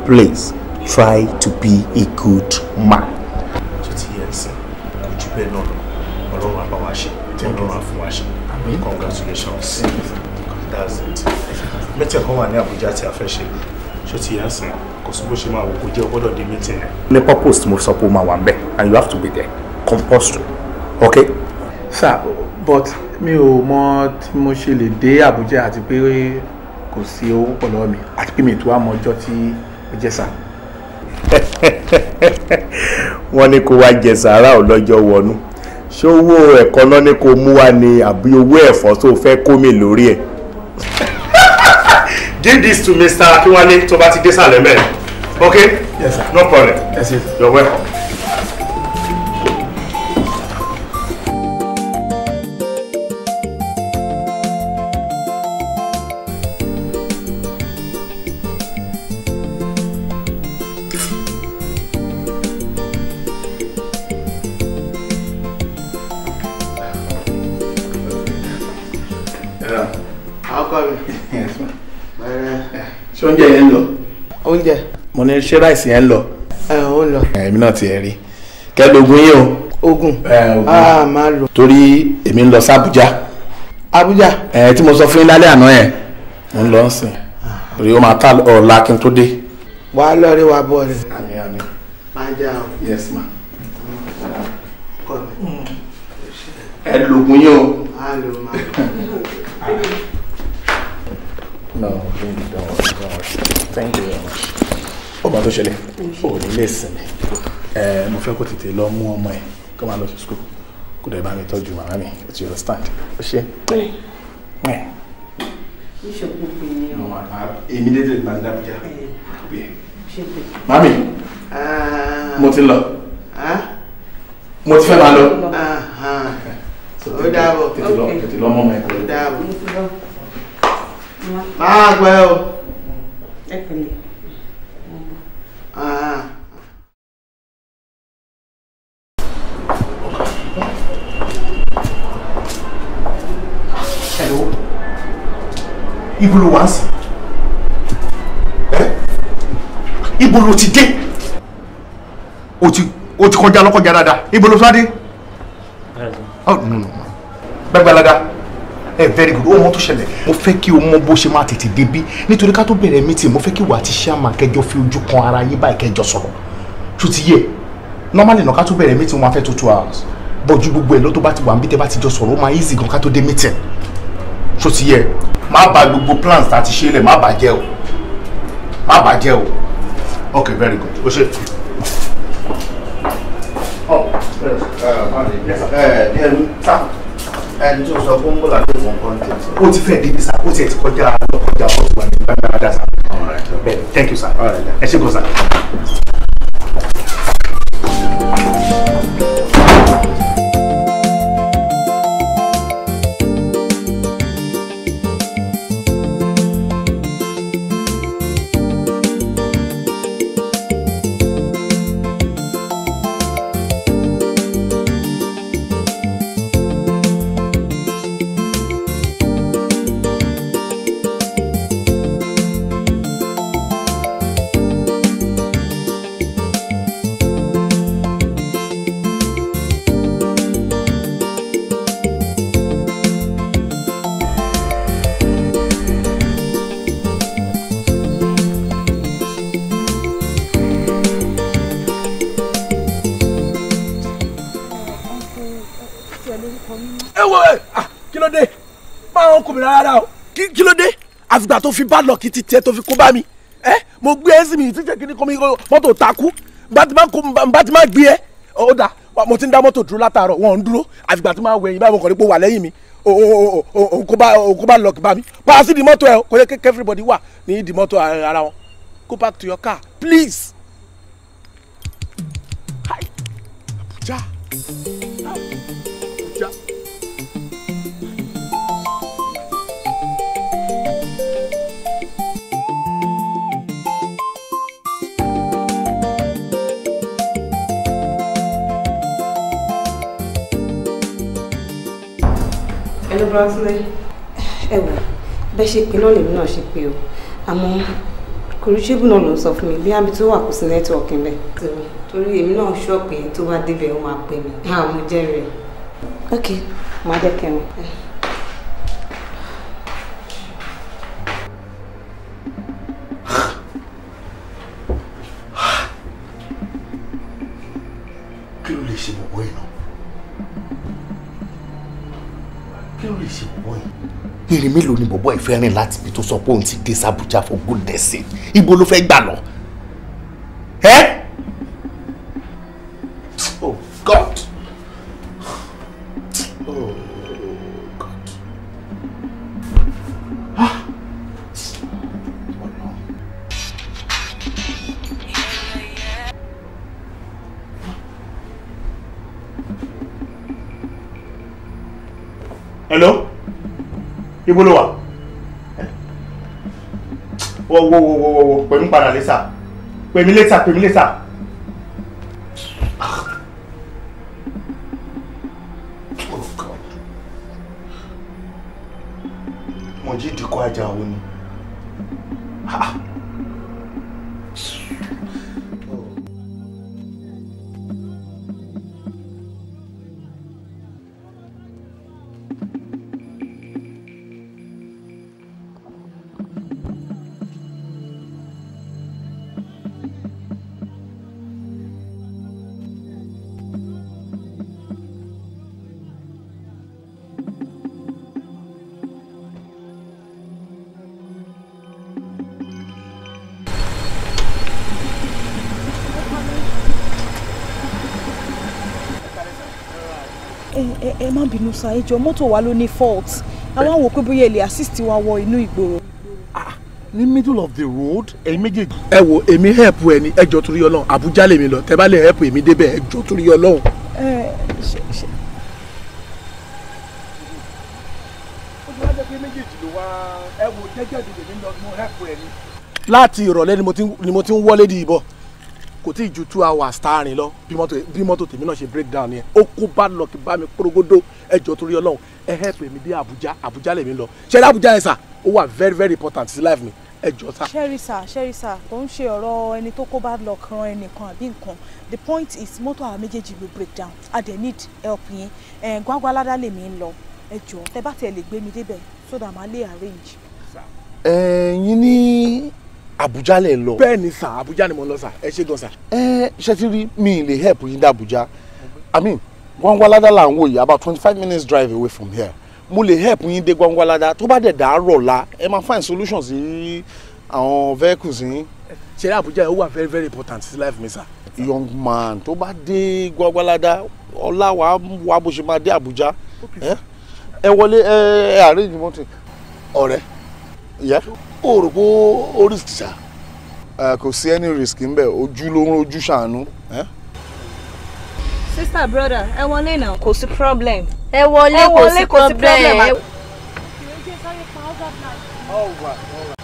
please try to be a good man. tó ti yẹ kò jù bẹ́ẹ̀ náà lọ ọlọ́run àbá wa ṣe tí ọlọ́run àfún wa ṣe congratulations that's it mẹ́tẹ̀ kan wà ní àbújá tí a fẹ́ ṣe ṣó ti yẹ ẹsìn kò sí bó ṣe máa wò kó jẹ́ ọgbọ́dọ̀ di meeting rẹ̀. ní purpose mo sọ pé o máa wà ń and you have to be there compulsory okay. sir but mi ò mọ tí mo ṣe lè dé àbújá àti pé kò sí owó pọ̀ lọ́wọ́ mi àti pé mi tó wá mọ ọjọ́ tí ó jẹ́ sà. wọ́n ní kó wá jẹ sàárà ò lọ́jọ́ wọnú ṣé owó ẹ̀kọ́ náà ni kó mú wá ni àbí owó ẹ̀fọ́ tó fẹ́ kó mi lórí ẹ̀. give this to Mr. Akinwale tó bá ti dé sàlẹ̀ mẹ́rin okay yes sir no problem yes sir you're welcome. ní ṣé ráìsì yẹn ń lọ. ẹ ò lọ. èmi náà ti rí kẹ́lógún yín o. ogun a máa lọ. torí èmi ń lọ sí Abuja. Abuja. ẹ tí mo sọ fún yín lálẹ́ àná yẹn mo ń lọ ń sìn torí máa ta ọ̀la kí n tó dé. wàá lọ rí wa bọ̀ rẹ̀. àmín àmín. máa jà o. yes ma. ẹ lógún yín o. a lò máa lọ. No, really don't don't Thank you very much nǹkan tó ṣẹlẹ̀ ò ní lè sinmi mo fẹ́ kó tètè lọ mú ọmọ ẹ̀ kó máa lọ sí skul kó dẹ̀ bá mi tọ́jú màmá mi ẹ̀ ti understand ó ṣe pẹ́. bíṣọ̀pù pè ní ọ. èmi lè tẹ̀lé máa ń dábìjà mami mo ti lọ ah. mo ti fẹ́ máa lọ. ó dàbọ̀ tètè lọ tètè lọ mọ́ ọmọ ẹ̀ kọ́. ó dàbọ̀ máa o. ẹ pẹ̀lẹ́. Hello. Ibo lo wà ń sìn? Ibo lo ti dé? O ti o ti kọjá lọ́kọjá dáadáa. Ibo lo fún Adé? Oh no no. Gbàgbàlaga ẹ eh, very good ó mọ tó ṣẹlẹ̀ mo fẹ́ kí o mọ bó ṣe máa tètè débí nítorí ká tó bẹ̀rẹ̀ meeting mo fẹ́ kí wàá ti ṣáàmà kẹjọ fi ojú kan ara yín báyìí kẹjọ sọ̀rọ̀ tó ti yẹ normally náà ká tó bẹ̀rẹ̀ meeting wọn máa fẹ́ tó two hours bọ́jú gbogbo ẹ̀ lọ́tọ́ bá ti wà níbi tẹ́ bá ti jọ sọ̀rọ̀ ó máa easy gan ká tó dé meeting tó ti yẹ má bà gbogbo plans tá a ti ṣe lẹ̀ má bà jẹ́ o má bà jẹ́ o ok very good o ṣe. Oh, yes. Uh, yes, sir. Uh, eh, yes, sir ẹni tí o sọ fún bọ́lá tó fún kọ́ńtẹ̀. ó ti fẹ́ẹ̀ débi sa ó ti ẹ̀ ti kọjá lọ́kọjá ọ̀tún wà ní gbàgbà dáadáa sa. bẹ́ẹ̀ thank you sir ẹ ṣé gan sa. àfìgbà tó fi bá lọ́ọ̀kì ti tiẹ̀ tó fi kó bá mi ẹ mo gbé ẹ sí mi títẹ̀ kí ni kọ́ mi mọ́tò takú bá ti má gbé ẹ ó dà mo ti ń dá mọ́tò dúró látàárọ̀ wọn ń dúró àfìgbà tó máa wẹ̀yìn báyìí mo kàn ní pé wà lẹ́yìn mi òkú lọ́ọ̀kì bá mi pa sí di mọ́tò ẹ kò yẹ kí everybody wà ní di mọ́tò eh, ara wọn go back to your car please. Hi. Hello, Bronson. Ewo. wò, bẹ́ẹ̀ ṣe pé náà lèmi náà ṣe pé o. Àmọ́ kò rí ṣébù náà ló ń sọ fún mi bí ábí tó wà kò sí nẹ́tíwọ̀kì ńbẹ̀. Torí èmi náà ṣọ́ọ̀pù yẹn tó bá débẹ̀ ó máa pè Àwọn mo jẹ́rìí. Ok, màá jẹ́ kẹrin. mélòó ni bọ̀bọ̀ ìfẹ́ rìn láti ibi tó sọ pé òun ti dé sàbújá for goodness sake ibo ló fẹ́ gbà lọ. ẹ́ ibo ló wà wọ́wọ́wọ́wọ́ pè mí padà lẹ́sà pè mí lẹ́sà pè mí lẹ́sà. sà ẹ jọ̀ọ́ mọ́tò wa ló ní fault àwọn wò bóyá ẹ assist wa wọ inú ìgboro. Ah, ní middle of the road ẹ̀yin méjèèjì. ẹ wo èmi help ẹ ní ẹjọ́ torí Ọlọ́run Àbújá lèmi lọ tẹ́ bá lè help èmi débẹ̀ ẹjọ́ torí Ọlọ́run. ẹ ṣe ṣe. ó ti wá jẹ́ pé méjèèjì ló láti ìrọ̀lẹ́ ni mo ti ń wọlé di ìbọn tí ì ju two hours tá a rìn lọ bí mọ́tò tèmi náà ṣe break down yẹn ó kó bá lọ́ọ̀kì bá mi kórógódó ẹjọ́ torí ọlọ́run ẹ help mi dé abuja. Àbújá lèmi lọ ṣe ní Àbújá yẹn sà ó wà very very important sí life mi ẹjọ́ sà. ṣẹ́rí sà ṣẹ́rí sà kò ń ṣe ọ̀rọ̀ ẹni tó kó bá lọ kan ẹnìkan àbí nǹkan the point is mọ́tò àwọn méjèèjì ló break down i dey need help yín ẹ̀ gbangba aládá lèmi ń lọ ẹjọ́ tẹ bá tiẹ̀ lè gbé mi débẹ̀ so that màá lè arrange. ẹ̀yin ní Abuja lẹ lọ. bẹ́ẹ̀ni sà Abuja ni mo lọ sà ẹ ṣe gan sà. ẹ ṣe ti rí mi lè help yín dá Abuja i mean Gwangwalada là ń wò about twenty five minutes drive away from here mo lè help yín dé Gwangwalada tó bá dẹ̀ dàárọ̀ la ẹ máa find solutions sí àwọn vehicles yín. ṣe Abuja yẹn ó wà very very important sí life mi sà. young man tó bá dé Gwangwalada ọlá wa wa bó ṣe máa dé Abuja ẹ wọlé ẹ ẹ arrange mọ́tò ọ̀rẹ́ yẹ. Yeah o rò pé ó risk ṣá. kò sí any risk ń bẹ ojú ló ń rojú ṣàánú. sista broda ẹ wọlé náà kò sí problem. ẹ wọlé kò sí problem. ẹ wọlé kò sí problem. all right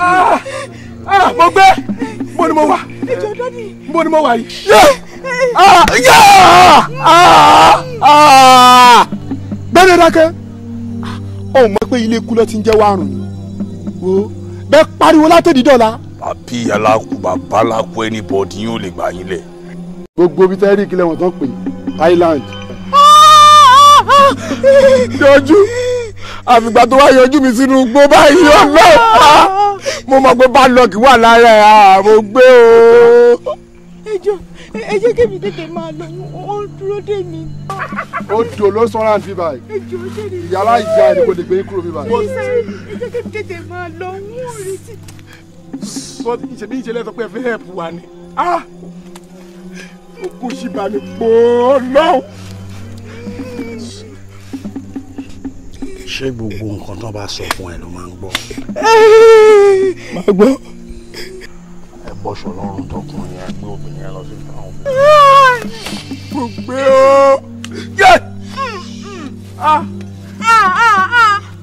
Ah! Ah, mo gbé mo ni mo wà mo ni mo wà yìí. gbẹ́ni ah! dákẹ́ ọ̀ mọ̀ pé ilé kúlọ̀ ti ń jẹ́ wàrùn wo bẹ́ẹ̀ pariwo látòdì dọ̀la. àbí alákù bàbá alákù anybody yóò lè gbà yín lẹ̀. gbogbo ibi tẹ́rì ìkìlẹ̀ wọn tán pè island. yọjú àfìgbà tó wá yọjú mi sínú igbó báyìí ọlọ́pàá mo mọ̀ pé bálọ̀kì wà lára ẹ̀ mo gbé o. ẹjọ ẹjẹ kí mi tètè máa lọ ó dúró dé mi. ó dò ló sọ́ra fi báyìí ìyàrá ìyá ẹ̀ kò lè gbé kúrò mi báyìí. ẹjẹ kí mi tètè máa lọ ń retí. sọ ìṣèlú ìṣẹ̀lẹ̀ sọ pé ẹ fẹ́ hẹpù wa ni. ó ah! kù sí balùwẹ̀ gbòó lọ́wọ́. ṣé gbogbo nǹkan tó bá sọ fún ẹ ló máa ń gbọ́. má gbọ́. ẹ bọ́ṣọ lọ́rùn tọkùnrin yẹn gbé obìnrin yẹn lọ sí ìfọ̀n omi. mo gbé o. Ah!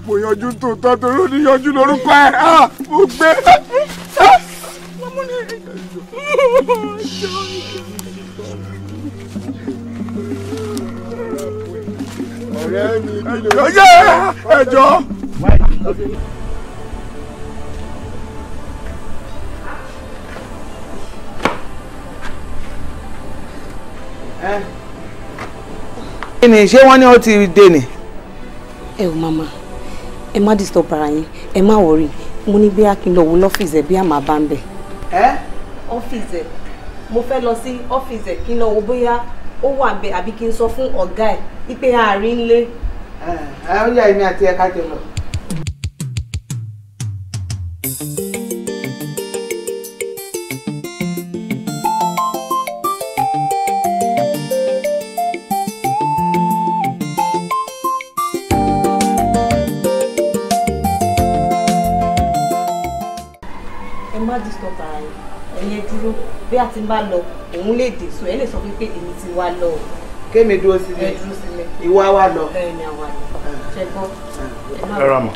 mo yanjú tòótọ́ torí ó ní yanjú lórúkọ ẹ ah! mo gbé. Ah! ọjọ́ ẹjọ́. kí ni ṣé wọ́n ní ó ti dé ni. ẹ ò Mama, ẹ má disturb ara yín ẹ má wọrí mo ní bí akin lọ wo lọ́fíìsì ẹ̀ bí àmà bá ń bẹ̀. ẹ mo fẹ́ lọ sí ọ́fíìsì ẹ̀ kí n lọ wo bóyá ó wà ń bẹ àbí kí n sọ fún ọ̀gá ẹ̀ wípé àárín ńlé. ẹ ó yà èmi àti ẹ̀ka jẹ lọ. ẹ má disturb ara yín dúró bí a ti ń bá lọ òun lè dé so ẹ lè sọ fún pé èmi ti wá lọ. kémi dúró sílẹ̀ ìwọ á wá lọ. bẹ́ẹ̀ ni àwa lọ ah. ṣe gbọ́. ẹ rà mọ.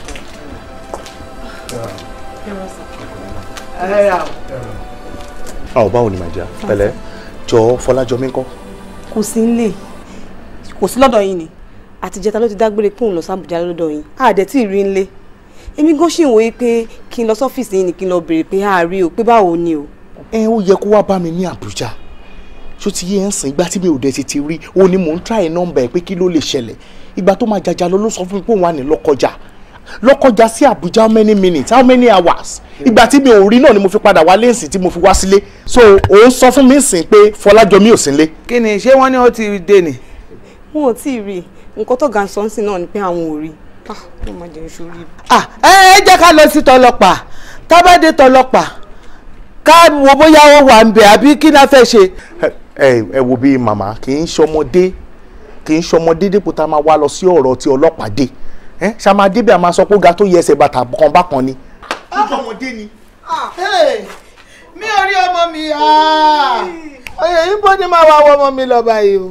ẹ rà o. a ò báwo ni màá jẹ pẹ̀lẹ́ jọ Fọlájọmí ńkọ́. kò sí ń lè kò sí lọ́dọ̀ yìí ni àtijẹta ló ti dágbére pé òun lọ sí Àbújá lọ́dọ̀ yìí àdẹ tí ì rí ń lé èmi gan ṣì ń wòye pé kí n lọ sọ́fíìsì yìí ni kí n lọ béèrè pé a o pé báwo ni o. ẹ ó yẹ kó wá bá mi ní Àbújá ṣó ti yé ẹ ń sìn ìgbà tí mi ò dẹ̀ ti ti rí o ni mò ń try nọ́mbà ẹ̀ pé kí ló lè ṣẹlẹ̀ ìgbà tó máa jàjà lọ ló sọ fún mi pé òun wà ní lọ́kọjà lọ́kọjà sí Àbújá how many minutes how many hours ìgbà tí mi ò rí náà ni mo fi padà wá lẹ́sìn tí mo fi wá sílé so òun sọ fún mi sìn pé Fọlájọmí ò sí nílé. kí ni ṣé wọ́n ní ó ti dé ni. wọn ò tí ì rí nǹkan tó ga sọ́nsìn náà ni pé àwọn ò rí ó ah, máa jẹ iṣu rí. Ah, ẹ jẹ́ ká lọ sí tọlọ́pàá tábàdé tọlọ́pàá ká wo bóyá ó wà ń bẹ̀ àbí kí náà fẹ́ ṣe ẹ wo bíi màmá kì í ṣọmọdé kì í ṣọmọdé dípò tá a máa wá lọ sí ọ̀rọ̀ ti ọlọ́pàá dé ẹ ṣàmàdé bí a máa sọ pé ga tó yẹ ẹsẹ̀ bàtà kan bákan ni. Ah. ọmọdé ni. Ah. mi ò rí ọmọ mi ah. oyè yìí bó ni máa wá wọ ọmọ mi lọ báyìí o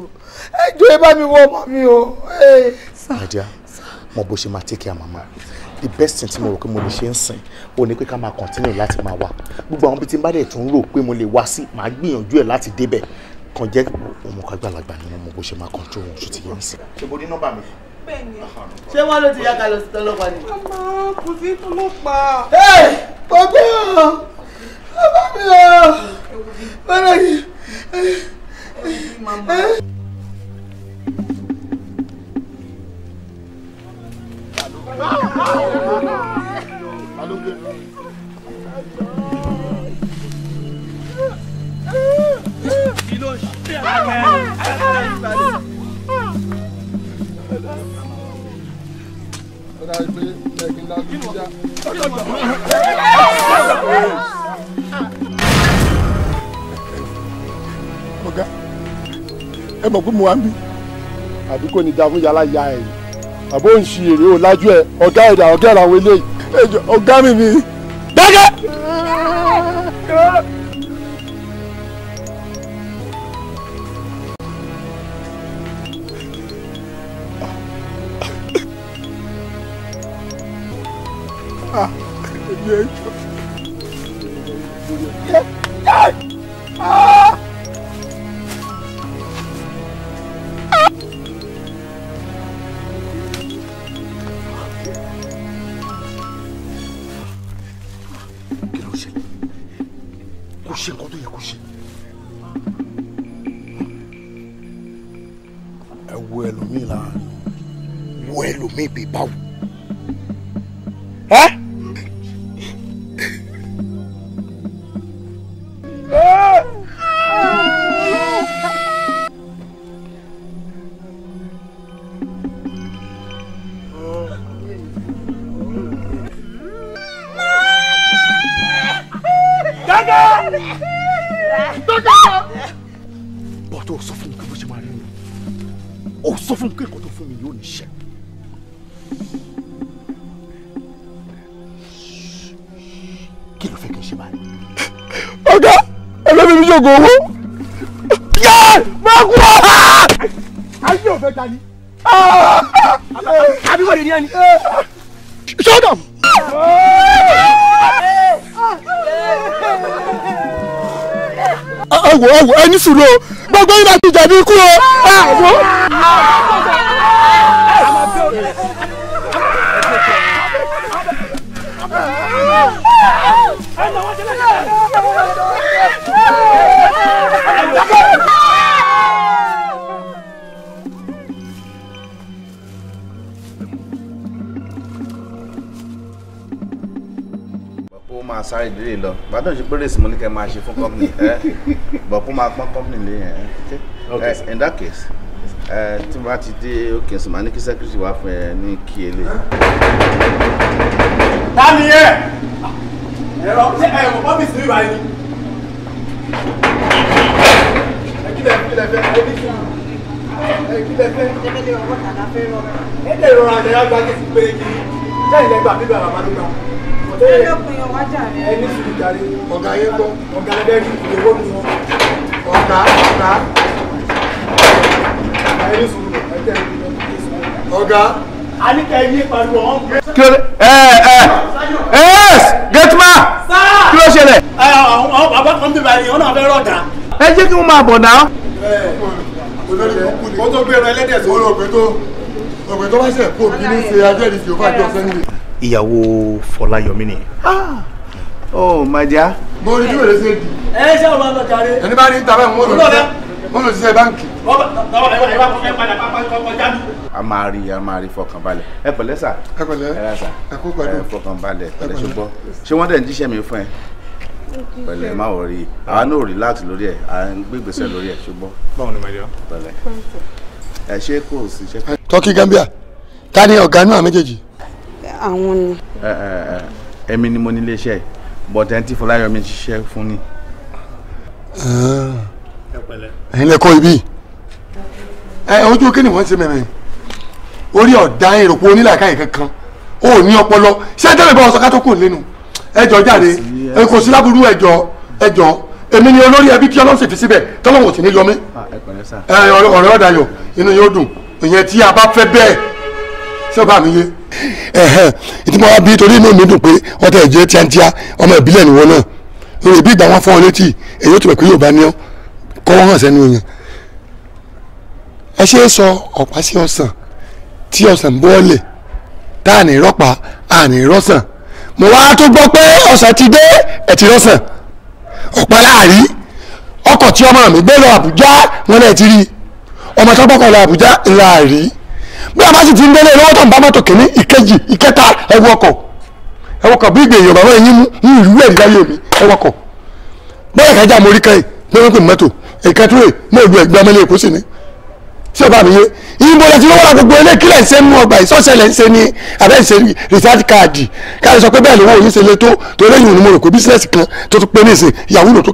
ẹ jọ̀ọ́ ẹ bá mi wọ ọmọ mi o. my dear mo bó ṣe máa take care màmá the best thing tí mo rò pé mo lè ṣe ń sìn ó ní pé ká máa continue láti máa wà gbogbo àwọn bíi tí n bá dẹ̀ tún rò pé mo lè wá sí màá gbìyànjú ẹ̀ láti débẹ̀ kàn jẹ́ ọmọ kàgbàlagbà ni wọn mọ bó ṣe máa control wọn ṣùtì yẹn sí. ṣe bo ní nọ́mbà mi. ṣé wọn ló ti yá kalọ sí tọlọ́pàá ni. àmọ́ kò sí tọlọ́pàá. ẹ bàbá bàbá mi ọ bàbá mi. Alô, alô, alô. ló ń ṣe àgbẹ̀ àgbẹ̀ ọ̀gá ẹ mọ̀ pé mo wá ń bí àbí kò ní da fún yàrá ya ẹ̀ àbó ń ṣe èrè o lájú ẹ ọ̀gá ẹ̀dá ọ̀gá ẹ̀rọ àwọn eléyìí ọ̀gá mi mi. dákẹ́. Yes. ògùn owó. yẹ máa kú ọ. ayé òfé ta ni. àbíwọ̀ lè ní ẹni. sọ́dọ̀. ẹ wò ẹ wò ẹ ní sùúrù o gbogbo yín máa ti jẹ̀bi ikú o. company lè yẹn eh, okay eh, in that case eh, tí wọ́n ti dé òkè sùn máa ní kí secretary wá fún ẹ ní kí ele. ta ni ẹ ẹ̀rọ ṣé ẹ ò bọ́ mi sí ìwà yìí. ẹ kí lẹ kí lẹ fẹ́ ẹ bí kí ẹ kí lẹ fẹ́ ẹ lè rọra ẹ lè rọra ẹ lè gba kí n péré kiri jẹ́ ìlẹ̀ gbà bíbẹ̀ bàbá ló náà ẹni sùn jàre ọ̀gá yẹn gbọ́ ọ̀gá yẹn bẹ́ẹ̀ ni ìdòwò mi wọn kà kà. ọ̀gá. a ní kẹ́ yí pariwo ọ̀hún. kí ló dé ẹ ẹ ẹ gẹ́tùmá. sáà kí ló ṣẹlẹ̀. àwọn bàbá kan bíbá yìí wọn ìyàwó Fọláyọmí ni. ah ó mà já. mo ní júwèé lẹ́sẹ̀ di. ẹ ṣé àwọn ọmọ kàrí. ẹni bá ní tàbá ìwọ̀n lòdì wọ́n lòdì sẹ́ báǹkì. a máa rí a máa rí fọkànbalẹ̀ ẹ pẹ̀lẹ́ sà ẹ pẹ̀lẹ́ ẹ kó pẹ̀lú fọkànbalẹ̀ pẹ̀lẹ́ ṣùgbọ́n ṣé wọ́n dẹ̀ ń jíṣẹ́ mi fún ẹ pẹ̀lẹ́ má wọ rí àwa náà relax lórí ẹ à ń gbé ìgbésẹ̀ lórí ẹ ṣùgbọ́n. báwo ni màdìyà. pẹ̀lẹ́ ẹ ṣe kò sí ṣe. tọ́kì Gambia ta ni ọ̀gá náà bọ̀tẹ́ ẹni tí Fọláyọmí ṣiṣẹ́ fún ni. ẹ̀yin lẹ́kọ̀ọ́ ibi ojú kí ni wọ́n ṣe mẹ́mẹ́ orí ọ̀dá ìròpó onílàkàyè kankan ó ní ọpọlọ ṣé ẹjọ́ lè bá wọn sọ ká tó kò lẹ́nu ẹjọ́ jáde kò sí láburú ẹjọ́ ẹjọ́ èmi ni olórí ẹbí tí ọlọ́run ṣètì síbẹ̀ tọ́lọ́wọ̀n sì ní yọmí ah, ọ̀rẹ́ ọ̀dàyọ̀ inú yóò dùn ìyẹn tí a bá fẹ́ bẹ́ẹ̀ ṣé o bá mi yé ìtí mo wá bí torí inú mi dùn pé ọtá ẹ̀jẹ̀ tíátíá ọmọ ìbílẹ̀ nìwọ náà lórí ibi ìgbà wọn fún ọ létí èyí ó ti pẹ̀ yóò bá ní ọ kọ́ wọ́n hàn sẹ́nu yẹn. ẹ ṣe é sọ ọ̀pá sí ọ̀sán tí ọ̀sán bọ́ọ̀lẹ̀ tá à ní rọ́pàá à ní rọ́sàn mo wá tó gbọ́ pé ọ̀sán ti dé ẹ̀ ti rọ́sàn ọ̀pá láàrí ọkọ̀ tí ọmọ mi gbé lọ Àbújá wọn náà ti rí ọmọ tó gbọ́kọ̀ lọ Àbújá ńlá bí a bá sì ti ń délé lọ́wọ́ tó ń bá mọ́tò kìíní ìkejì ìkẹta ẹwọ́kọ̀ ẹwọ́kọ̀ bí ìgbìyànjú bàbá yẹn ń ìlú ẹ̀rí láyé mi ẹwọ́kọ̀ bẹ́ẹ̀ kájà mo rí kẹ́yìn lọ́wọ́ pé mọ́tò ìkẹtùrè mo lu ẹ̀gbẹ́ ọmọlẹ́ èkó sí ni tí o bá mi yé ìbò lẹ́tí lọ́wọ́ la gbogbo ilé kílẹ̀ ṣe mú ọgbà ìsọ́sẹ̀ lẹ́ ṣe ni abẹ́ ṣe rìsáàtì káàdì káàdì sọ pé bẹ́ẹ̀ lówó oníṣe lé tó tó lẹ́yìn òní mo rò pé bísíǹsì kan tó tún pé ní ìsìn ìyàwó lò tó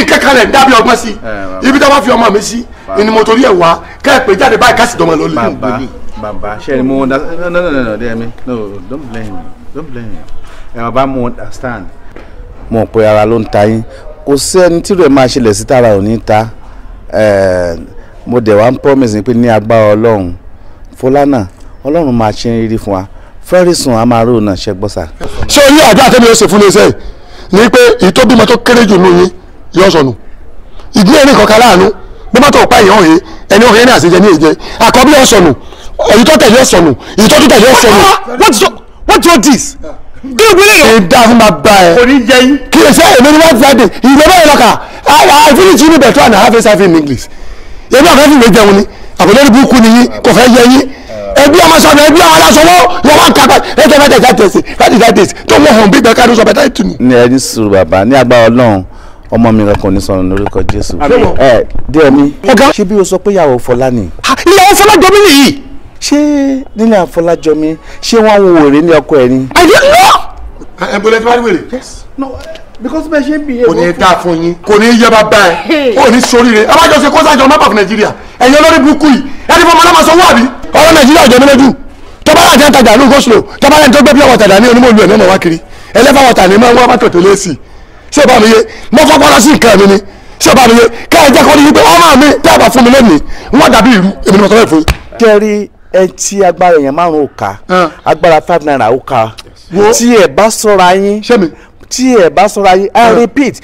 ìkẹ́kẹ́ rẹ̀ dábìí ọgbọ́n sí eh, ibi tí a fi ọmọ mi sí ni mo torí ẹ̀ wá ká ẹ pè jáde báyìí ká sì dọ́mọ lọ lé. bàbá bàbá ṣe ni mo under no no no no there me no don't blame me don't blame me ẹ bàbá mo understand. mo pe ara ló ń ta yín kò sí ẹni tí rẹ̀ máa ṣẹlẹ̀ sí tara ò ní ta mo dẹ̀ wá ń promise pé ní agbára ọlọ́run fọlánà ọlọ́run máa ṣe rírí fún wa fẹ́rìsùn a máa róònà ṣe gbọ́sà. ṣé o ní àdúrà tẹ́mi ọ̀sẹ̀ fún iléeṣẹ́ yìí pé ìtòbímọ tó kéré jù nù yóò sọnù ìdí ẹ̀rí kankan láàánú bí bá tọ̀ pa èèyàn rèé ẹni ọ̀rẹ́ ní àṣejẹ ní èjẹ àkọ́bí ọ̀sọ̀nù èyí tó tẹ̀lé ọ̀sọ̀nù èyí tó tún tẹ̀lé ọ̀sọ̀nù. Ah, ah, ah, what is all this? kí ló gbélé yẹn. ìdá fún ma ba ẹ. kò jẹ yín. kí ẹsẹ èmi ni wọn ti láti ìlú ẹgbẹ́ yẹn lọ́kà i finish you better than I have a half in english. èmi àfẹ́ fún mi jẹun ni àbúrò ní burúkú ni yín kò fẹ́ yẹ yín. ẹbí ọmọ sọ̀rọ̀ ẹbí ọmọ aláṣọwọ́ yọ wá kápá ẹjẹ fẹ́ tẹ̀ jáde sí fẹ́ tẹ̀ jáde sí tó wọ́n hàn bí bẹ́ẹ̀ ká ló sọ bẹ́ẹ̀ táyì tù ní. ní ẹni sùúrù bàbá ọmọ mi kankan ní sọnù lórúkọ jésù. ẹ díẹ̀ mi. ọ̀gá ṣé bí o sọ pé ìyàwó fọlá ni. ìyàwó fọlá jọ mí nìyí. ṣé nílẹ̀ àfọlájọmí ṣé wọ́n wo wèrè ní ọkọ ẹ̀ ni. àyè lọ. ẹ bọ́lá ẹ fẹ́ wá wèrè. yes no because bẹ́ẹ̀ ṣe ń bìyẹn. kò ní í dáa fún yín. kò ní í yẹ bàbá ẹ kò ní í soríire ẹ bá jọ ṣe kóṣájọ mẹ́pà fún nàìjíríà ẹ̀yin olórí burúkú yìí ẹni fún ọmọ náà máa sọ wọ́ọ̀bì. ọ̀rọ̀ nàìjíríà ọ̀jọ̀ mẹ́lẹ́dù tọ́ba láti ń tajà ní goslow tọ́ba láti ń tó gbé bí ọwọ́ tajà ní onímọ̀lú ẹ̀ mẹ́mọ̀ wá kiri ẹlẹ́fà wọ́tà ní mọ́ wọ́n bá tòtò lé sí i ṣé bá mi yé mo kọ́kọ́ lọ sí nǹkan mi ni ṣé bá mi yé ká ẹ jẹ́ kó ní wípé ọmọ mi tẹ́ ẹ bá fún mi lónìí wọ́n dàbí ìlú èmi ni mo sọ fún yín. kẹ́rí ẹ tí agbára èèyàn márùn-ún ò ká agbára five naira ò ká tí ẹ bá sọ́ra yín tí ẹ bá sọ́ra yín i repeat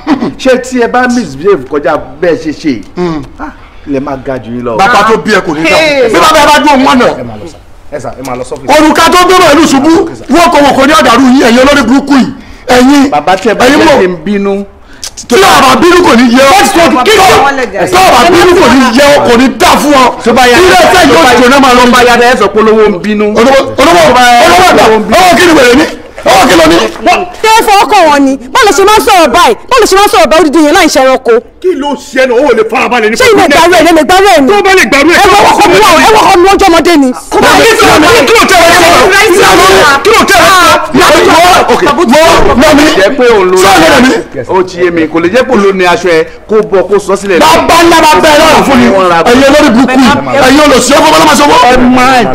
ṣé tí ẹ bá misbehave kọjá bẹ́ẹ̀ ṣe ṣe hmm. ah, ilẹ̀ máa ga jù yín lọ. bàbá tó bí ẹ kò ní dáhùn bí bàbá ẹ bá dún òun ọ̀nà òrùka tó gbé bọ̀ ìlú ṣubú wọ́n kọ̀wọ̀kọ̀ ní ọ̀dàrú yín ẹ̀yin olórí burúkú yìí ẹ̀yin ẹ̀yin mọ̀ bínú tí ọba bínú kò ní yẹ ọ kí tí ọba bínú kò ní yẹ ọ kò ní dá fún ọ ilé ẹsẹ yóò jóná máa lọ. ọba yàrá ẹ sọ pé olówó ń bínú. olówó olówó olówó àgbà olówó kí ni wèrè ní ọwọ́ kí ló ní. ṣé ẹ fọwọ́ kàn wọ́n ni báwo lè ṣe máa ń sọ̀rọ̀ báyìí báwo lè ṣe máa ń sọ̀rọ̀ báyìí odidi yẹn láì ṣe ẹranko. kí ló ṣe ẹnu o lè farabalẹ̀ ní. ṣé ilé gbaru ẹ̀ lè gbaru ẹ̀ ni. tó bá lè gbaru ẹ̀ tó bá kọ́ mi wọ́n ẹ wọ́n kọ́ mi wọ́n jọmọdé ni. kí ló tẹ ẹ lọ kí ló tẹ ẹ lọ kí ló tẹ ẹ lọ. o ti yé mi kò lè jẹ́ kó ló ní aṣọ ẹ kó bọ kó sọ sílẹ̀. bàbá ńlá bá bẹ ẹ lọ́rùn fún mi ẹ̀yin olórí burúkú ẹ̀yin olùsí ọkọ̀ bọ́lá máa ṣọwọ́. ẹ máa ń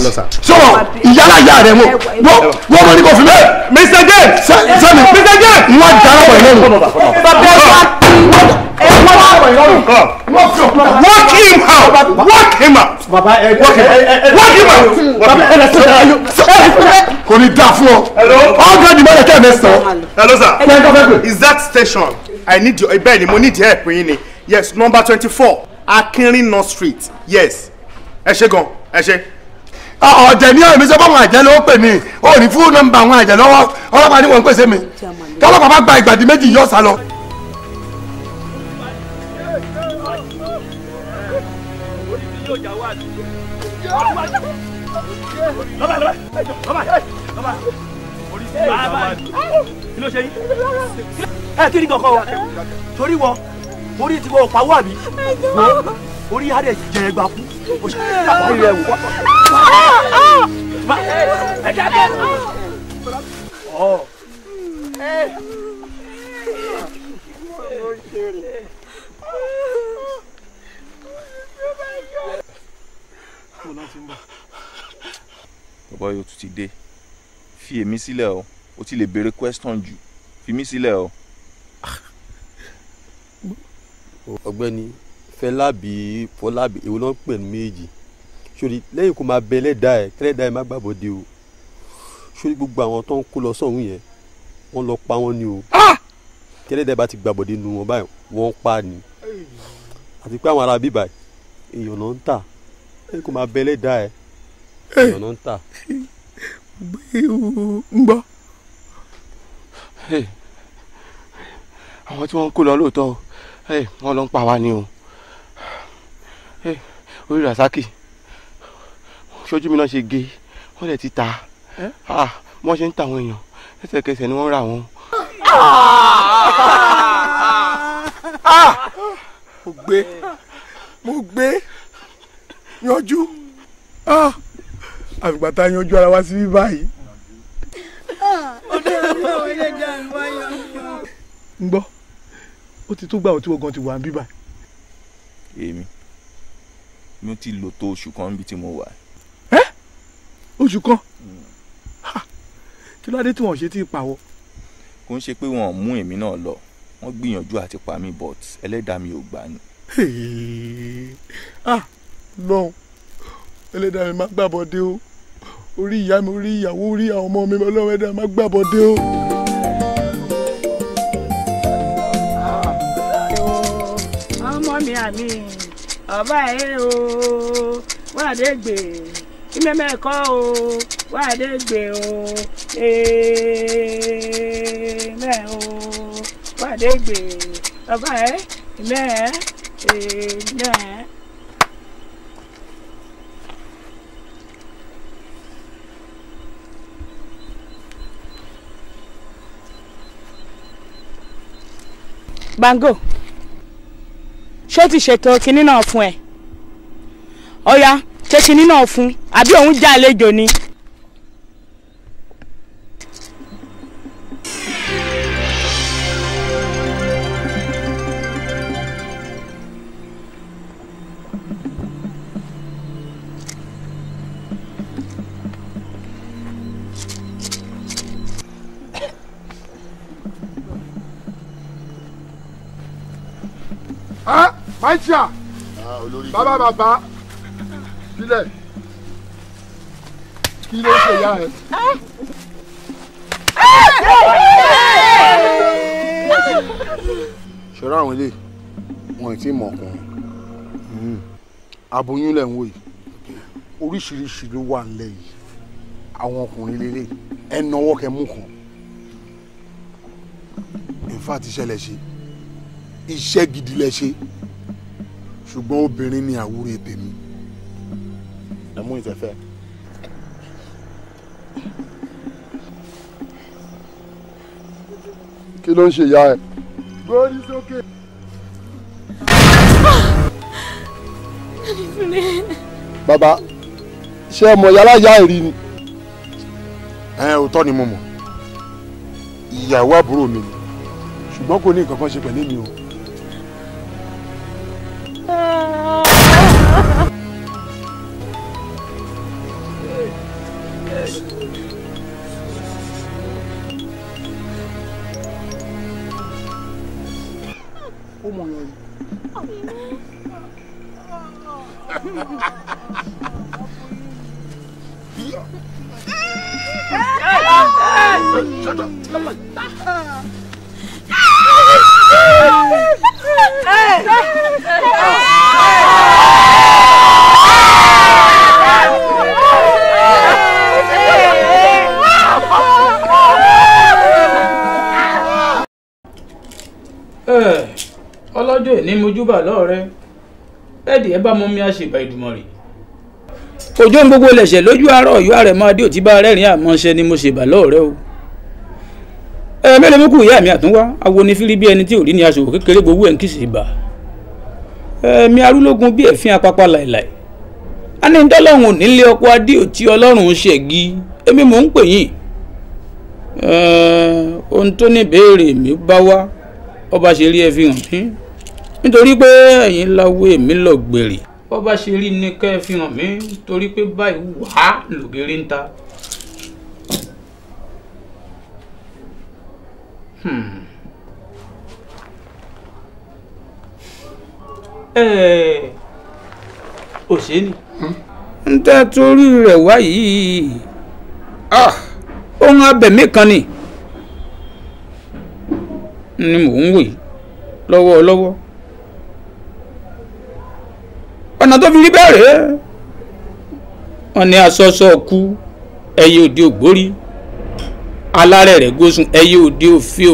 sọ̀rọ̀ ìyálà ìyá rẹ̀ wọ́n wọ́n mọ̀ ní kò fi mẹ́ẹ̀. Mr. James. Sani. Mr. James. N wá dára pọ̀ ìlọ́run. Bàbá ẹ wá kí Walk him out. Walk him out. Bàbá walk him out. Walk him out. Bàbá ẹ lẹsẹ̀ ẹ ayọ̀. Kò ní dá fún ọ. Ọ̀gá ni bọ́lá tẹ̀ Hello sir. Is that station? I need your eh, bẹ́ẹ̀ ni mo need help yín ni. Yes, number twenty-four North street. Yes. Ẹ ṣé gan. Ẹ ṣé. Ah, ọ̀jẹ̀ ní ẹ̀mí sọ fáwọn àjẹ́ ló pè mí ò ní fún nọ́mbà àwọn àjẹ́ lọ́wọ́ ọlọ́pàá ní wọ́n ń pèsè mi tọ́lọ́pàá bá gba ìgbàdí méjì yóò sá lọ. ẹ kí ni kankan wa torí wọ orí ti wọ pawọ́ àbí orí adé jẹ ẹgbà kú o ṣe é dàgbà ilẹ̀ wò. ẹ dákẹ́. ọ. bàbá yóò tún ti dé fi èmi sílẹ̀ o o ti lè béèrè question jù fi mí sílẹ̀ o. ọ̀gbẹ́ni fẹlábì fọlábì èwo náà ń pè ní méjì sórí lẹ́yìn kó máa bẹ ẹlẹ́dàá ẹ̀ kẹ́lẹ́dàá ẹ̀ má gbàgbọ́ de o sórí gbogbo àwọn tó ń kó lọ sọ̀hún yẹn wọ́n lọ pa wọ́n ni o ah! kẹ́lẹ́dàá ẹ̀ bá ti gbàgbọ́ de nu wọn báyìí wọ́n pa ni àti pé àwọn ará bíbà èèyàn náà ń tà lẹ́yìn kó máa bẹ ẹlẹ́dàá ẹ̀ èèyàn náà ń tà. ń gbọ́ àwọn tí wọ́n ń kó lọ lóòótọ́ wọ́n lọ ń pa wá ni o. Eh, orí rasaki sójú mi náà ṣe ge wọ́n dẹ̀ ti ta eh? ah, wọ́n ṣe ń ta àwọn èèyàn lẹ́sẹ̀kẹsẹ̀ ni wọ́n rà wọ́n. Ah! Ah! mo gbé mo gbé yanjú àfìgbà tá a yanjú ara wa sí bí báyìí. ń gbọ́ ó ti tó gbà ó tí wọ́n gan ti wà ń bí báyìí. èmi mi ò ti lò tó oṣù kan níbi tí mo wà. ẹ oṣù kan kí ló dé tí wọn ò ṣe tí ì pawọ́. kò ń ṣe pé wọn ò mú èmi náà lọ wọn gbìyànjú àti pa mí but ẹlẹ́dàá mi ò gbà ni. ah lọ́hùn ẹlẹ́dàá mi máa gbàbọ̀ dé o orí ìyá mi orí ìyàwó orí àwọn ọmọ mi ọlọ́run ẹ̀dá máa gbàbọ̀ o. ọmọ mi àmì ọba ẹ o wàdé gbè ìmẹ̀mẹ̀ kọ́ o wàdé gbè o èèmẹ̀ o wàdé gbè ọba ẹ ìmẹ̀ èèmẹ̀. Bango ṣé ó ti ṣètò kinní náà fún ẹ ọ̀ya ṣé kinní náà fún àbí òun já àlejò ni. Huh? Ah! máìtíà ah, bàbá bàbá sílẹ̀ kí ló ṣe ìyá ẹ. ṣọ́ra àwọn ilé wọn ti mọ̀ ọkùnrin hmm. aboyún lẹ̀ ń wò yìí oríṣiríṣi ló wà ńlẹ̀ yìí àwọn ọkùnrin lélẹ̀ ẹ náwó kẹ mú kan in fact iṣẹ́ lẹ ṣe iṣẹ́ gidi lẹ ṣe ṣùgbọ́n obìnrin ni àwúrò èbè mi. ẹ mú ìtẹ̀fẹ́. kí ló ń ṣe ìyá ẹ. gbórí sókè. bàbá ṣé ẹ mọ yàrá ìyá ẹ rí ni. ẹ òótọ́ ni mo mọ̀ ìyàwó àbúrò mi ni ṣùgbọ́n kò ní nǹkan kan ṣe pẹ̀lú mi o. guys. júbà lọ́ọ̀rẹ́ bẹ́ẹ̀dì ẹ bá mọ mi àṣèbà ìdùmọ̀ rè. òjò ń gbogbo lẹ̀ṣẹ̀ lójú àárọ̀ ọ̀yọ́ ààrẹ máa dé òtí bá rẹ́rìn àmọ́ṣẹ́ ni mo ṣèbà lọ́ọ̀rẹ́ o. ẹ mẹ́lẹ̀ mi kù ìyá mi àtúnwá awo ni fírí bí ẹni tí ò rí ni aṣòwò kékeré gbowó ẹ̀ ń kìsì ìbà. ẹ̀mí arúlógún bí ẹ̀fín apapa làìlàì. a ní nílé ọkọ adé òtí ọlọ́run ṣẹ̀gi èmi mò ń pè yín. ohun tó ní ìbéèrè mi bá wá ọba ṣe rí ẹ fi hàn mí nítorí pé ẹ̀yin láwo èmi lọ gbèrè bó bá ṣe rí ni kẹ́ ẹ fi hàn mí torí pé báyìí wà á lògèrè ń ta. Hmm. òṣèlú. ń tẹ́ torí rẹ̀ wá yìí ah, ohun abẹ̀mí kan ni ni mò ń wò yìí lọ́wọ́lọ́wọ́. ọ̀nà tó fi rí bẹ́ẹ̀ rèé wọ́n ní asọ́sọ́ ku ẹyẹ òde ògbórí alárẹ̀ rẹ̀ gúnsun ẹyẹ òde òfíò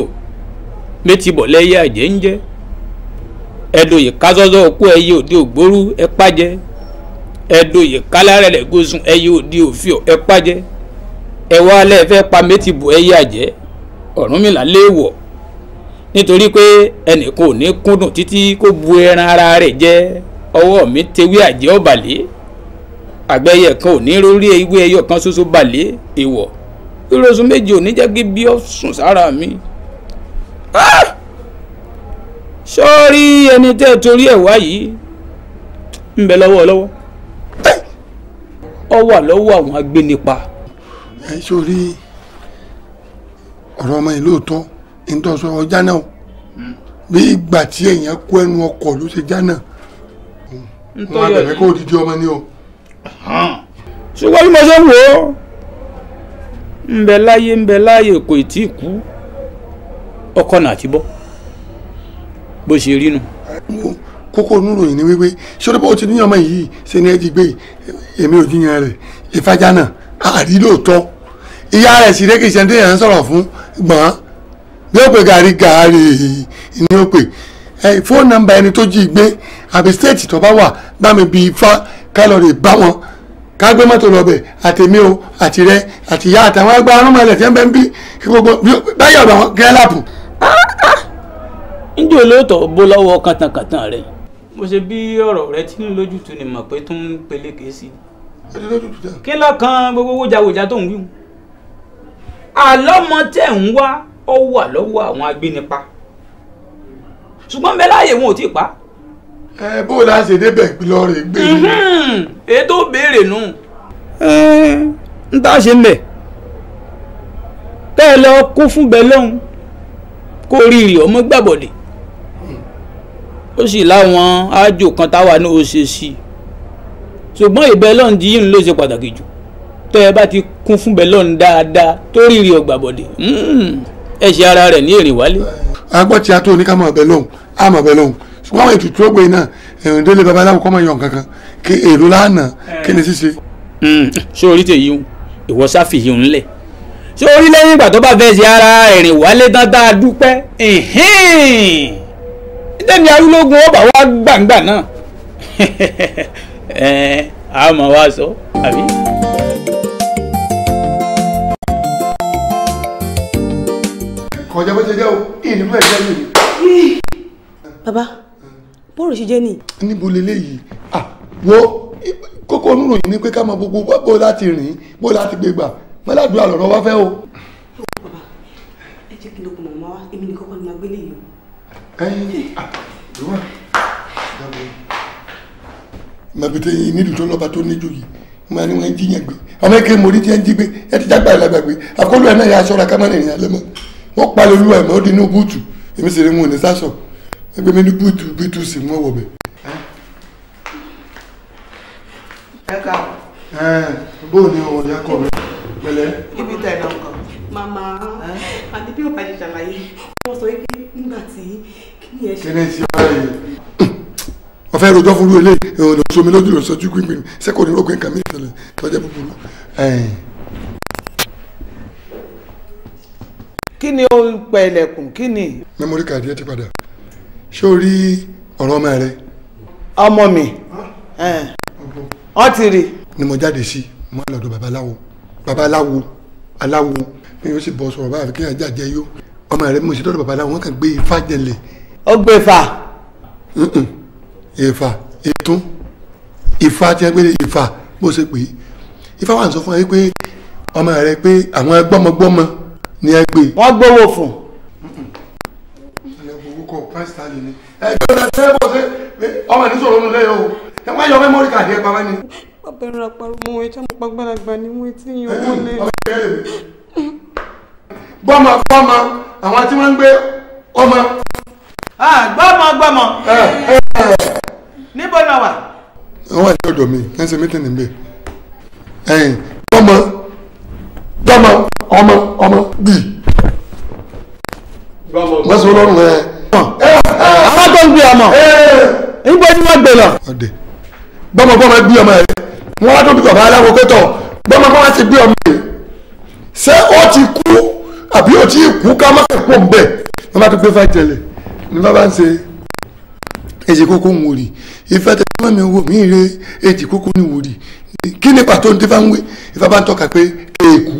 méjìbọ̀ lẹ́yẹ àjẹ́ ń jẹ́ ẹ̀dòyè ku ẹyẹ òde ògbórú ẹ̀pájẹ́ ẹ̀dòyè kálárẹ̀ rẹ̀ gúnsun ẹyẹ òde òfíò alẹ́ fẹ́ pa méjìbọ̀ ẹyẹ àjẹ́ Ọ̀rúnmìlà léèwọ̀ nítorí pé ẹnìkan ò ní kúndùn bu ọwọ́ mi tewé àjẹ́ ọ̀bàlẹ́ àgbẹ̀yẹ kan ò ní rórí ewé ẹyọ kan ṣoṣo balẹ̀ èèwọ̀ ìrọ̀sù méje ò ní jẹ́ kí bí ó sùn sára mi. Ah! sọ́ọ́rí ẹni tẹ́ ẹ torí ẹ̀ wá yìí ń bẹ lọ́wọ́ lọ́wọ́ ọ wà lọ́wọ́ àwọn agbénipa. ẹ sórí ọ̀rọ̀ ọmọ ìlú òótọ́ ní tó sọ ọjà náà hmm. bí ìgbà tí èèyàn kó ẹnu ọkọ̀ ló ṣe já náà wọn àtẹ̀mí kó odidi ọmọ ṣùgbọ́n bí mo ṣe ń wò ó kú ọkọ náà ti bọ bó ṣe rí nu. kókó oníròyìn ni wípé ṣọlá bó ti ní ọmọ yìí ṣe ni ẹ ti gbé èmi ò jiyàn rẹ ìfajà náà àrí lóòótọ́ ìyá fún gbọ̀n bí ó ni ó fóònù àbí stéètì tó bá wà bá mi bi ifá kálọ̀rì bá wọn ká gbé mọ́tò lọ́bẹ̀ àtèmi o àti rẹ àti ìyá àtàwọn àgbà arúnmọ̀lẹ̀ tí wọ́n bẹ́ ń bí gbogbo báyọ̀ ọ̀dọ̀ àwọn gẹ́lápù. njẹ́ olóòótọ́ bó lọ́wọ́ kàtàkàtà rẹ̀. mo ṣe bí ọ̀rọ̀ rẹ tí ń lójútu ni mọ̀ pé tó ń peléke sí i. kí lọ́kàn gbogbo wójàwójà tó ń wíwù. àlọ́mọ tẹ̀ ń wá ọ wà lọ́wọ́ àwọn agbénipa ṣùgbọ́n bẹ́ẹ̀ wọn ò tí ì pa á ẹ bó la ṣe débẹ̀ lọ rè gbé mi. èyí béèrè nù. n tá a ṣe ń bẹ̀ tẹ́ ẹ lọ kó fún bẹ́ẹ̀ lọ́hùn kó rí rí ọmọ gbàbọ̀dẹ̀ ó sì láwọn àjò kan táwa ní ó ṣe sí i ṣùgbọ́n ìbẹ́ lọ́hùn jí ló ṣe pàtàkì jù tẹ́ ẹ bá ti kún fún bẹ́ẹ̀ lọ́hùn dáadáa tó rí rí ọgbàbọ̀dẹ̀ ẹ ṣe ara rẹ̀ ní èrè wálé. agbọ́n tí a tó oníkàmọ̀ ọbẹ̀ àmọ̀ ọbẹ̀ wọ́n ètùtù ògbè náà ẹ̀rùn délé babaláwo kọ́ mọ̀ yọ̀ kankan kí èrò lánàá kí ni ṣíṣe. Hmm, ṣé orí tèyí o ìwọ sáfìhì ń lẹ̀ ṣé orí lẹ́yìn ìgbà tó bá fẹ́ ṣe ara ẹ̀rìn wálé tán tá a dúpẹ́ ìtẹ́ni arúlógún ọba wa gbàǹgbà náà a máa wá sọ àbí. kọjá bó ṣe jẹ́ o ìlú ẹ̀jẹ̀ mi. Baba bọ́ọ̀rù ṣe jẹ́ ni. níbo leléyìí ah wo kókó oníròyìn ni pé ká mọ gbogbo wá bó láti rìn bó láti gbé gbà mọ́ládùúrà lọ́rọ̀ wá fẹ́ o. bàbá ẹ jẹ́ kí n lókun màmá wa èmi nìkan kọ́ ni màá gbélé yìí o. ẹyin àdúrà dábẹ́ màbí tẹyin nídùú tó lọ́ba tó níjò yìí màá ní wọn jíyàn gbé àwọn èké mòrí tí wọn jí gbé ẹ ti jágbá ìlàgbà gbé àkólú ẹ náà yà aṣọra ká má nìyẹn lẹ́mọ́ wọ́n palẹ̀ olúwa ẹ̀ mọ́ ó di inú búùtù èmi sì rí wọn ò ní sásọ̀ ẹgbẹ́ mi ní bútu bútu sì mú ọwọ́ bẹ̀. ẹ ká. bó o ní ọwọ́ ìyá kọ mi pẹ̀lẹ́. ibi tẹ̀ náà kọ. màmá àti bí òbá ṣe ṣàlàyé wọ́n sọ pé nígbà tí kíni ẹ ṣe. kíni ẹ ṣe báyìí ọ̀fẹ́ rojọ́ fún rúwẹ́lẹ́ o lójú ìrọ̀sọ́jú gbìngbìn sẹ́kọ̀ọ́ ní rògbìn kàmí ìtẹ̀lẹ̀ tọ́jà búburú kí ni ó ń pa ilẹ̀kùn kí ni. memory card yẹn ti padà ṣé o rí ọ̀rọ̀ ọmọ rẹ. ọmọ mi ọ ti rí. ni mo jáde sí mo máa lọ́dọ̀ babaláwo babaláwo aláwo mi yóò sì bọ́ sọ̀rọ̀ báyìí kí n jàjẹ́ yó ọmọ rẹ mo sì lọ́dọ̀ babaláwo wọ́n kàn gbé ifá jẹlẹ. ó gbé ifá. ifá ètún ifá tí wọ́n gbé ifá bó ṣe pè é ifá wà ń sọ fún wa pé ọmọ rẹ pé àwọn gbọ́mọgbọ́mọ ni ẹ gbé. wọ́n gbowó fún un kò prime stanley ni ẹgbẹ́ ọ̀dà tẹ́lẹ̀ ṣe ọmọ ẹni sọ̀rọ̀ ọ̀nà lẹ́yìn o ẹ má yọ mẹ́mọ́rì kàdé ẹ pamẹ́ ni. bàbá ẹ̀rọ àparò mọ ẹja mo pa gbàlagbà ni mo ti yan owó lẹ. gbọ́mọ fọ́mọ àwọn tí wọ́n ń gbé ọmọ. gbọ́mọ gbọ́mọ níbo náà wà. wọ́n wà ní ọ̀dọ̀ mi kí wọ́n ṣe mítìnì mi gbọ́mọ gbọ́mọ ọmọ ọmọ bíi. gbọ́mọ gbọ́mọ àwọn tó ń gbé ọmọ nígbà tí wọ́n gbé lọ. gbọ́mọgbọ́mọ gbé ọmọ yẹn wọ́n wá tó bí bàbá aláwo pé tọ̀ gbọ́mọgbọ́mọ ti gbé ọmọ yẹn ṣé ó ti kú àbí ó ti kú ká má kẹ́ pọ̀ mbẹ́ wọ́n bá tó gbé fáìtì ẹ̀lẹ̀ ní bá bá ń ṣe èjì kókó ń wòrì ìfẹ́ tẹ̀lé mọ́mi wò mí re èjì kókó ń wòrì kí ni pàtó ń tẹ́fà ń wé ìfẹ́ bá ń tọ́ka pé kéèkú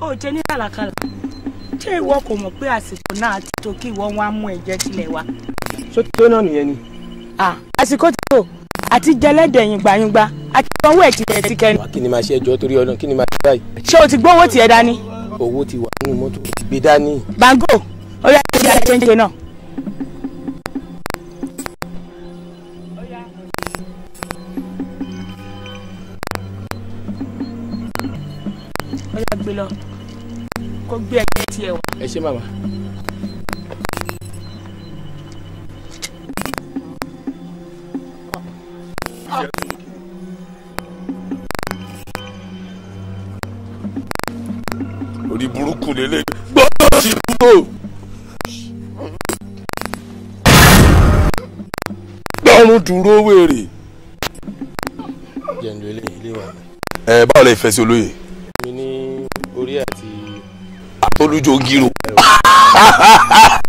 ó jẹ ní kàlàkàlà ṣé ìwọ kò mọ̀ pé àsìkò náà ti tó kí ìwọ wọn á mú ẹ̀jẹ̀ tilẹ̀ wá. só tó náà nìyẹn ni. àsìkò ti tó àti jẹlẹ́dẹ̀ yìngbàyìngbà àti sanwó ẹ̀ tilẹ̀ ti kẹrin. kí ni màá ṣe ẹjọ́ torí ọdún kí ni màá ṣe báyìí. ṣé o ti gbówó tiẹ̀ dání. owó ti wà nínú mọ́tò ti gbé dání. bango ó yà kí a ń ṣe náà. gbé lọ kó gbé ẹ̀jẹ̀ tiẹ̀ wá. ẹ ṣe màmá. orí burúkú lélẹ̀ gbọ́dọ̀ sí dúró. lọ́rùn dúró wèrè. ẹ báwo lè fẹ́ sí olóyè olùjọ ngiro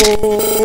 Oh.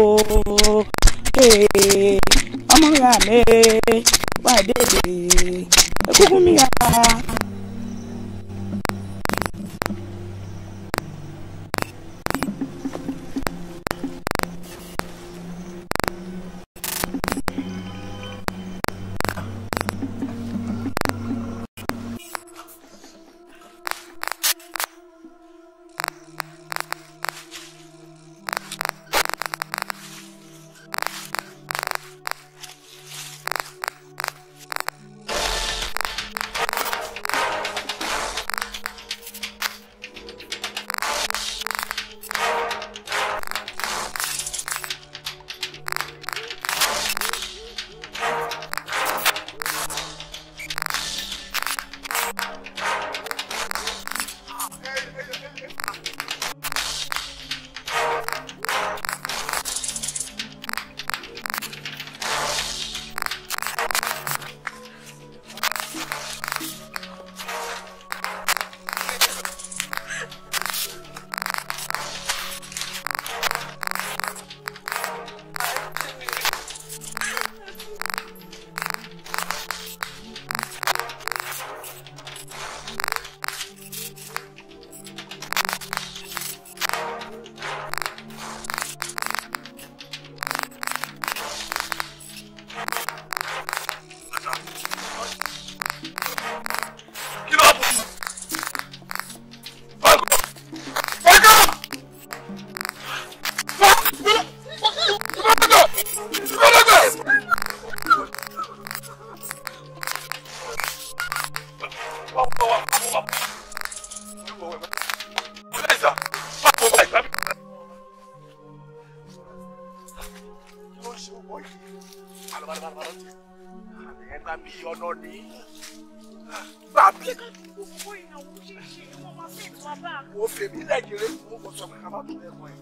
wò fèmí lẹ́yìnrẹ́ wò wò sọ pé ká má tún ẹ̀kọ́ ẹ̀.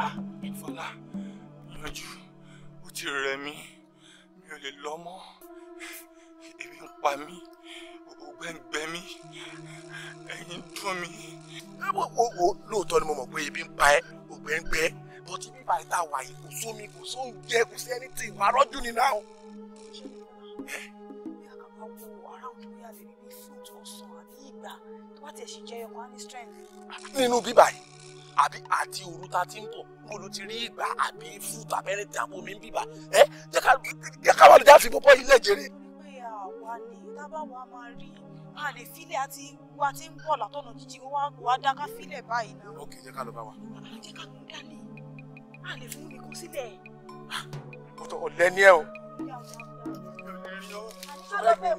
Ah, Fọlá yanjú ó ti rẹ mí mi ò lè lọ mọ́ ebi ń pa mí ògbẹ́ ń gbẹ mí ẹ̀yìn dùn mí. Ó lóòótọ́ ni mo mọ̀ pé ebi ń pa ẹ́ ògbẹ́ ń gbẹ but ibi ìbàdí tá a wà yìí kò sómi kò sóúnjẹ kò sí ẹni tí ìwà rọ́jú ni náà. Ìyá kàkọ́ wo aráàlú yàrá ìrìn ní fúùtù ọ̀sán gbà tó bá tiẹ̀ sì jẹ́ ẹ̀kọ́ á ní strength. nínú bíbà yìí àbí àti òru ta ti ń bọ̀ mo ló ti rí ìgbà àbí fún tàbẹ́rẹ́ tí àbó mi ń bíbà ẹ jẹ́ ká wà lè dáàfin bọ́bọ́ yìí lẹ́jẹ̀rẹ́. pé àwa ni tábà wa máa rí a lè filẹ̀ àti wa ti ń bọ̀ látọ̀nà jíjìn wa wa dá ká filẹ̀ báyìí náà. ok jẹ́ ká lọ bá wa. jẹ́ ká kún dání a lè fún mi kó sílẹ̀. Ah, ọ̀lẹ́ ni ẹ o. Sọlá bẹ̀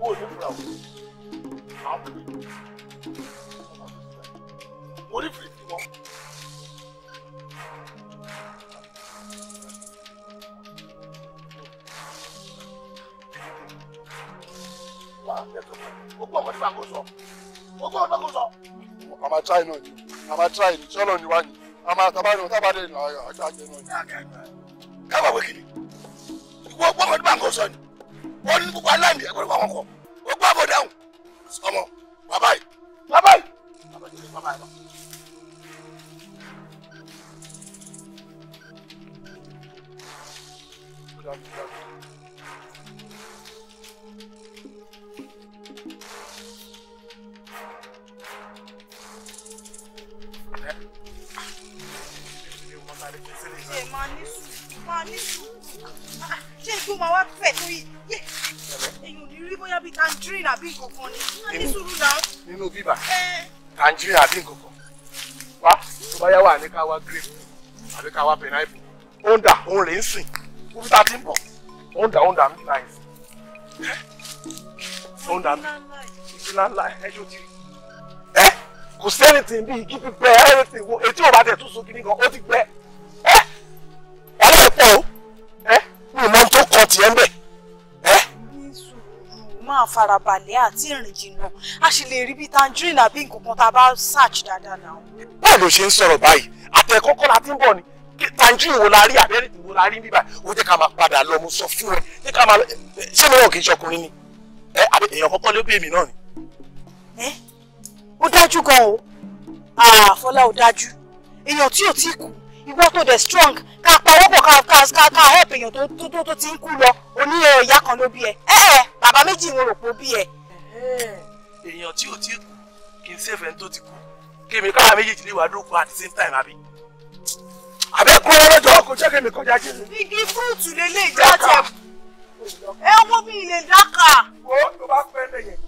owó ní fúra o máa wọlé mo ní fìrì sí wọn. gbogbo àmà àtàbàdàn tábàdàn ìlà àjọ àjẹnú. káwa wé kiri wọ́n wọ́n ọdún báńkò sọ ni wọ́n ní gbogbo aláǹdì ẹgbẹ́ wọn kọ wọ́n gbọ́ àbọ̀ dáhùn ọmọ bàbá yìí bàbá yìí bàbá yìí bàbá yìí. Thank you. máa ní sùúrù máa ní sùúrù ah, ṣé ikú máa wá pẹ̀ tó yìí èèyàn ò ní rí bóyá bíi tangerine àbí nǹkan ni máa ní sùúrù náà. nínú bíbà eh. tangerine àbí nǹkan kan wá tó bá yá wà ní ká wá grape àbí ká wá pineapple ó ń dà ó ń rè ń sìn wo eh? eh? etí ò bá tẹ̀ tún so kiri gan ó ti gbẹ. tiẹ̀ ń bẹ̀. máa farabalẹ̀ àti ìrìn jìnnà a sì lè rí bí tangerine àbí nǹkan tá a bá search dáadáa náà. báwo ló ṣe ń sọ̀rọ̀ báyìí àtẹ̀kọ́kọ́ la ti ń bọ̀ ni tangerine wo la rí abẹ́rẹ́ tí wo la rí níbà wo jẹ́ ká máa padà lọ mo sọ fún ẹ jẹ́ ká máa lọ ṣé mi náà kì í ṣọkùnrin ni ẹ àbí èèyàn kọ́kọ́ ló bí èmi náà ni. ẹ ó dájú gan o àfọlá ah, ò dájú èèyàn tí ò tí kú ìwọ tó dẹ̀ strong ká pa owó pọ̀ ká ká ká help èèyàn tó tó tó ti ń kú lọ oní eh, ìyá kan ló bí ẹ ẹ ẹ bàbá méjì ń rò pé ó bí ẹ. èèyàn tí ò tí kú kì í sèfẹ̀ ní tó ti kú kémi káwa méjèèjì lè wà at the same time abi. àbẹ kó lọ́wọ́ jọ kó jẹ́ kémi kọjá jẹ́ mi. igi fúrúùtù lè lè já tẹ ẹ wo mi ilé dákà. wo ló bá pẹ́ lẹ́yìn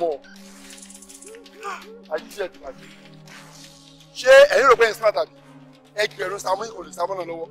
mọ̀ àyíṣẹ́ ìdìbàjẹ́ ṣé ẹ̀yin rò pé ẹ̀ ń sábà tàbí ẹgbẹ̀rún sàmúlò kò lè sábà náà lọ́wọ́.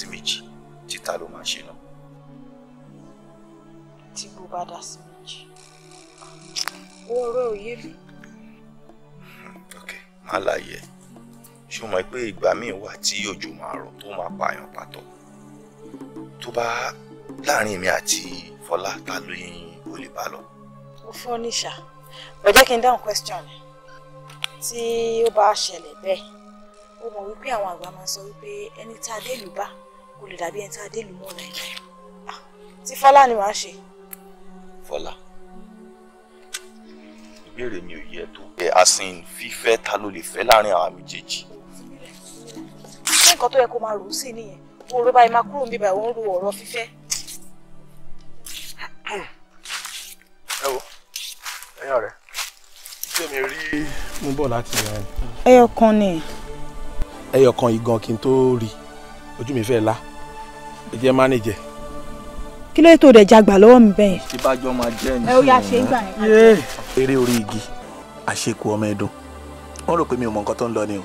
sí méjì títa ló máa ṣe náà. tí mo bá dá sí méjì ọ̀rọ̀ òye mi. ok má láyé ṣó mọ̀ pé ìgbà míì wà tí òjò máa rọ̀ tó máa pààyàn pàtó tó bá láàrin mi àti Fọlá ta ló yín o lè bá lọ. mo fún ọ níṣà ẹ jẹ́ kí n question ti ó ba ṣẹlẹ̀ bẹ́ẹ̀ ó mọ̀ wípé àwọn àgbà máa sọ wípé ẹni tá a dé lù O lè dàbí ẹni tí adé lù mọ́ nàìjíríà ah, tí fọlá ni màá ṣe. fọlá ìbéèrè mi ò yẹ tó. ẹ àsìn fífẹ́ ta ló lè fẹ́ láàrin àwọn méjèèjì. ṣé nǹkan tó yẹ kó máa rò ó sí nìyẹn mo rò báyìí máa kúrò níbà ò ń ro ọ̀rọ̀ fífẹ́. ẹ wo ẹ̀yin ọ̀rẹ́ tí èmi rí mú bọ̀ láti yẹn. ẹyọ kan ni. ẹyọ kan igan kí n tó rí ojú mi fẹ́ la jẹ́ mánéjẹ. kí ló tó dẹ̀ jagbà lọ́wọ́ mi bẹ́ẹ̀. tí bá jọ máa jẹ́ ẹ̀ ó yà ṣe é gbà yẹn. eré orí igi àṣekù ọmọ ẹ̀dùn wọ́n rò pé mi ò mọ nǹkan tó ń lọ ni o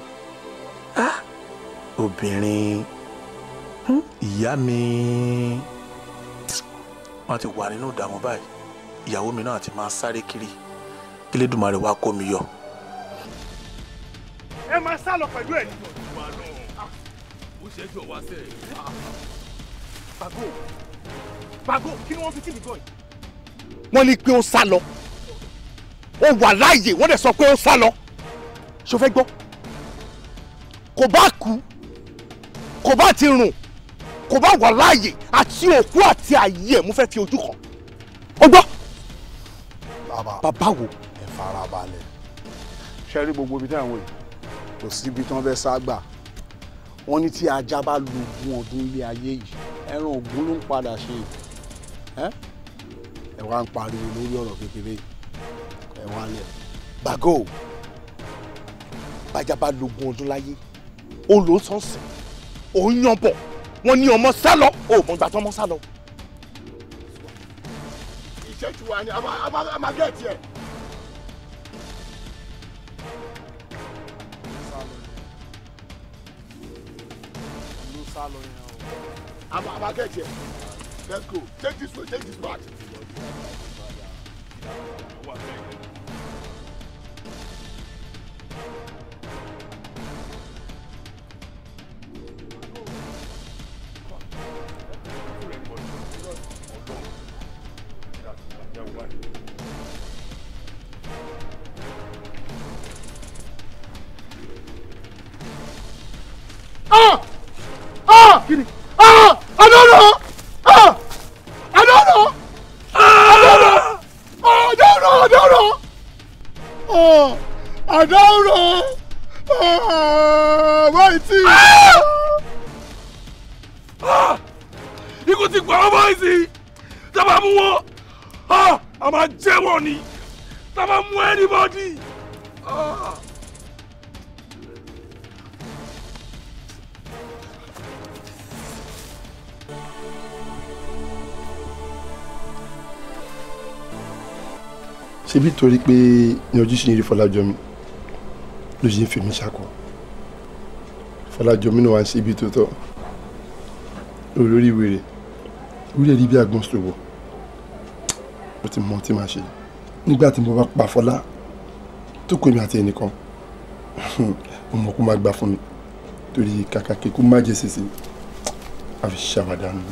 obìnrin ìyá mi wọ́n ti wà nínú ìdààmú báyìí ìyàwó mi náà ti máa sáré kiri kí Elédùmarè wá kó mi yọ. ẹ máa sá lọ pẹ̀lú ẹ̀. ó ṣẹ́jú ọ̀wá sẹ́yìn. Bago Bago kí ni wọ́n fi tíì gọ́ yìí. wọ́n ní pé ó sá lọ ó wà láàyè wọ́n dẹ̀ sọ pé ó sá lọ ṣó fẹ́ gbọ́ kò bá kú kò bá ti rùn kò bá wà láàyè àti òkú àti àyè ẹ̀ mo fẹ́ fi ojú kan ó gbọ́. bàbá bàbá wo. ẹ fara balẹ̀ ṣe rí gbogbo ibi tí àwọn yìí kò síbi tí wọ́n fẹ́ sá gbà wọ́n ní tí ajá bá lu ogún ọdún ilé ayé yìí ẹran ògún ló ń padà ṣe ẹ wá ń pariwo lórí ọ̀rọ̀ kékeré ẹ wá lẹ gbàgò bájábá lógún ọdún láyé ó ló sọ̀nsìn ó ń yan bọ̀ wọ́n ní ọmọ sálọ ó mọ̀ gbàtọ́ ọmọ sálọ. ìṣẹ́jú wa ni a máa gẹ̀ tiẹ̀. sálọ I'm, I'm, I'll get here. Let's go. Take this way, take this back. Ah! Ah! Kini! Ah! I don't know. Ah! I don't know. Ah! don't know. Oh, I don't know. I don't know. Oh, I don't know. Oh, my teeth. Ah! Ah! Ikú ti pa ọmọ ìsìn. Tá a bá mú wọn, a máa jẹ́ wọn ni. Tá a bá anybody. ṣebí torí pé ní ojú ṣe ní Fọlájọmí ló ṣe ń fi mí ṣàkọ Fọlájọmí náà wá ń ṣe ibi tó tọ́ olórí wèrè orí ẹ̀rí bí agbọ́n ṣòwò mo ti mọ tí màá ṣe nígbà tí mo bá pa Fọlá tó kọ èmi àti ẹnìkan mo mọ̀ kó má gbà fún mi torí kàkà kí kó má jẹ́ sísè àfi ṣàwádà nù.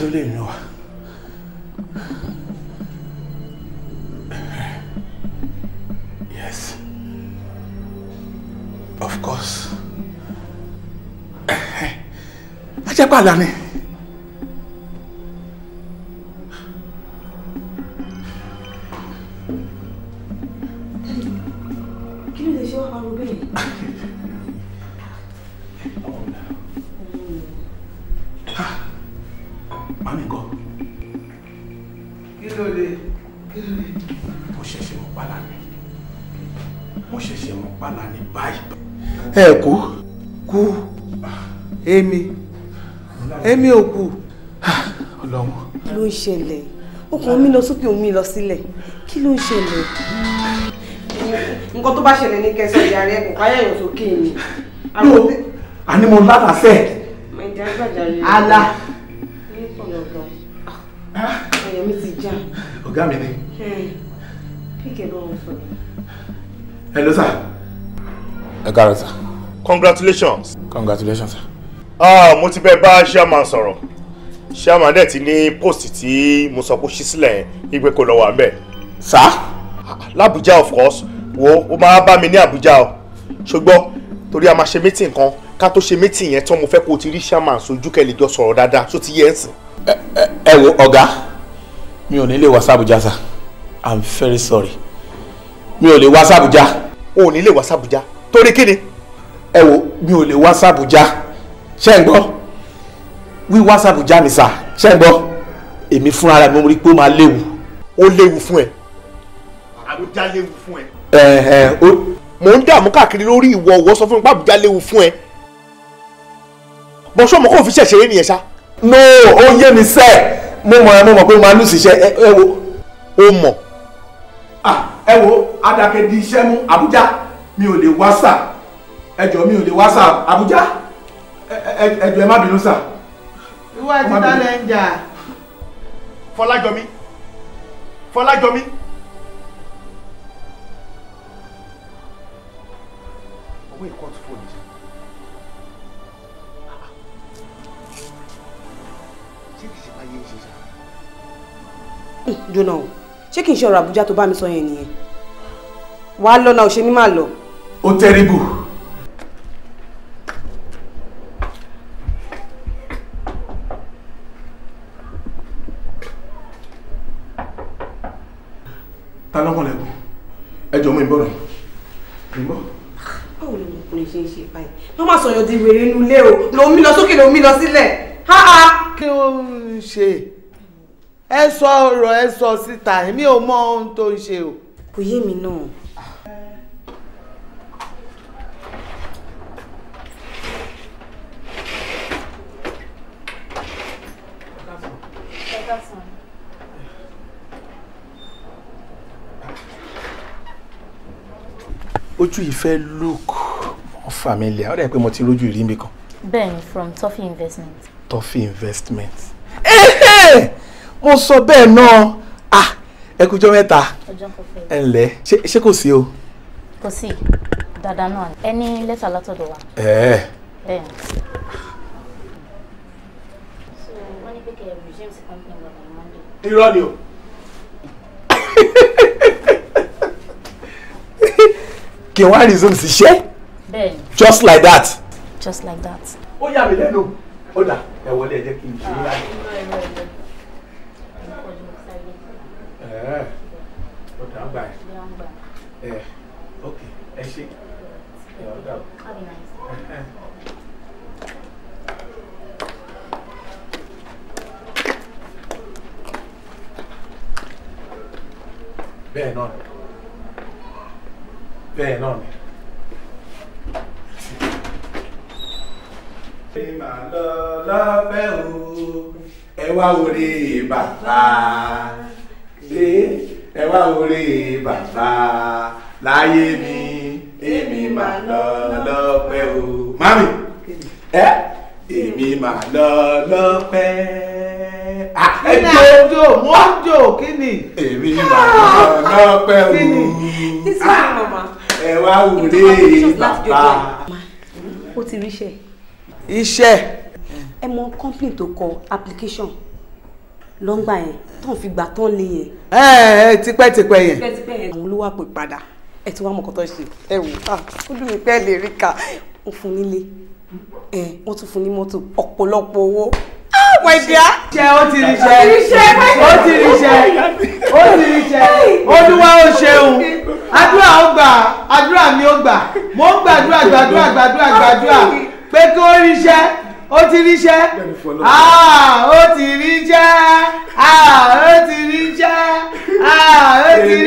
ṣé ó Yes. Of course. Ajẹ́pàlà ni. ṣẹlẹ̀ ọkàn mi lọ sókè omi lọ sílẹ̀ kí ló ń ṣẹlẹ̀. nǹkan tó bá ṣẹlẹ̀ ní kẹsàn-án ìyá rẹ kò káyà èèyàn sókè ni. no àní mo lára sẹ. ala. ọ̀yà mi ti já. ọ̀gá mi ni. píkẹ́ bá wọn fọ. ẹ ló sà. ẹ congratulations. congratulations ah mo ti bẹ bá chairman sọ̀rọ̀ ṣáàmà dẹ̀ ti ní post tí mo sọ pé ṣí sílẹ̀ ìgbé kò lọ wà ńbẹ̀. sá. làbújá of course wo ó máa bá mi ní àbújá o ṣùgbọ́n torí a máa ṣe meeting kan ká tó ṣe meeting yẹn tán mo fẹ́ kó o ti rí ṣáàmà sojú kẹ́lẹ́ jọ sọ̀rọ̀ dáadáa tó ti yẹ ẹ̀ sìn. ẹ wo ọ̀gá mi ò ní lè wá sàbújá sá i'm very sorry mi ò lè wá sàbújá. o ò ní lè wá sàbújá torí kí ẹ wo mi ò lè wá sàbújá ṣé ń gbọ́ wíwá sàbújá mi sà ṣẹ́ ń gbọ́ èmi fúnra rẹ̀ mo rí pé ó máa léwu. ó léwu fún ẹ. àbújá léwu fún ẹ. ẹ ẹ o. mò ń dààmú káàkiri lórí ìwọ ọwọ sọ fún mi pé àbújá léwu fún ẹ. bọ́sọ̀ mọ̀ kó fi ṣẹ̀ṣẹ̀ rẹ nìyẹn ṣá. no ó yé mi sẹ́ mo mọ̀ ẹ mo mọ̀ pé mo máa lù sí iṣẹ́ ẹ wo. ó mọ̀. ẹ wo ah, adàkẹ́ di iṣẹ́ mú àbújá mi ò lè wá sà ẹ jọ̀ọ́ mi ò lè wá sà àbújá ẹ ẹ má bínú sà ìwà títà lẹ ń jà. Fọlájọmí Fọlájọmí. owó ìkọ́tù fóònù yìí. ṣé kìí ṣe báyé ṣe ṣá. Eh, jóná o ṣé kìí ṣe ọ̀rọ̀ Àbújá tó bá mi sọ yẹn nìyẹn wàá lọ́nà òṣèlú má lọ. ó tẹ́rìbù. ta lọ́kàn lẹ́kùn ẹ jọ mọ ìbọ̀rọ̀ ìbọ̀. báwo ni ọmọkùnrin ṣe ń ṣe báyìí wọ́n máa sọ̀yọ̀ di wèrè inú ilé o lòun mi lọ sókè lòun mi lọ sílẹ̀ kí ló ń ṣe ẹ sọ ọ̀rọ̀ ẹ sọ síta èmi ò mọ ohun tó ń ṣe o. kò yé mi náà ojú ìfẹ́ look mọ́ familiar ó dẹ̀ pé mo ti rójú ìrí mi kan. bẹ́ẹ̀ni from Toffee investment. Toffee investment. mo sọ bẹ́ẹ̀ náà ah ẹ kújọ́ mẹ́ta ẹ ǹlẹ́ ṣé kò sí o. kò sí dada náà ẹ ní lẹ́tà látọ̀dọ̀ wa. ẹ̀ẹ́. bẹ́ẹ̀ ni. so wọ́n irọ́ ni o. kí wọ́n resume ṣiṣẹ́ just like that. just like that. ó yà mí lẹ́nu ó dà ẹ wọlé ẹ jẹ́ kí n ṣe é láyé. ó dà ń gbà ẹ ok ẹ ṣe ẹ ó dà ó. bẹ́ẹ̀ náà bẹ́ẹ̀ náà ni. ṣé màá lọ lọ́fẹ́ o ẹ wá orí bàbá ṣé ẹ wá orí bàbá mi èmi màá lọ lọ́pẹ́ o. mami Eh? èmi màá lọ lọ́pẹ́ ẹ jọ jọ mọ jọ kí ni. èmi máa lọ lọpẹ wù. kí ni ẹ wá wúre bàbá. ó ti ríṣẹ́. iṣẹ́. ẹ mọ company tó kọ application lọ́ngbà yẹn tó ń fi gbà tán lé yẹn. ẹ ẹ tipẹ́tipẹ́ yẹn. àwọn olówó àpò ìpadà ẹ ti wá mọ̀kọ́ tó ṣe. ẹ wò ó dùn mí pẹ́ lè rí ká ó fún nílé ẹ wọ́n tún fún ní mọ́tò ọ̀pọ̀lọpọ̀ owó my dear. ṣe ó ti rí ṣe ó ti rí ṣe ó ti rí ṣe olúwa ó ṣeun àdúrà ó gbà àdúrà mi ó gbà mo ń gbàdúrà gbàdúrà gbàdúrà gbàdúrà pé kó ríṣẹ́ ó ti ríṣẹ́ ó ti ríṣẹ́ ó ti ríṣẹ́ ó ti ríṣẹ́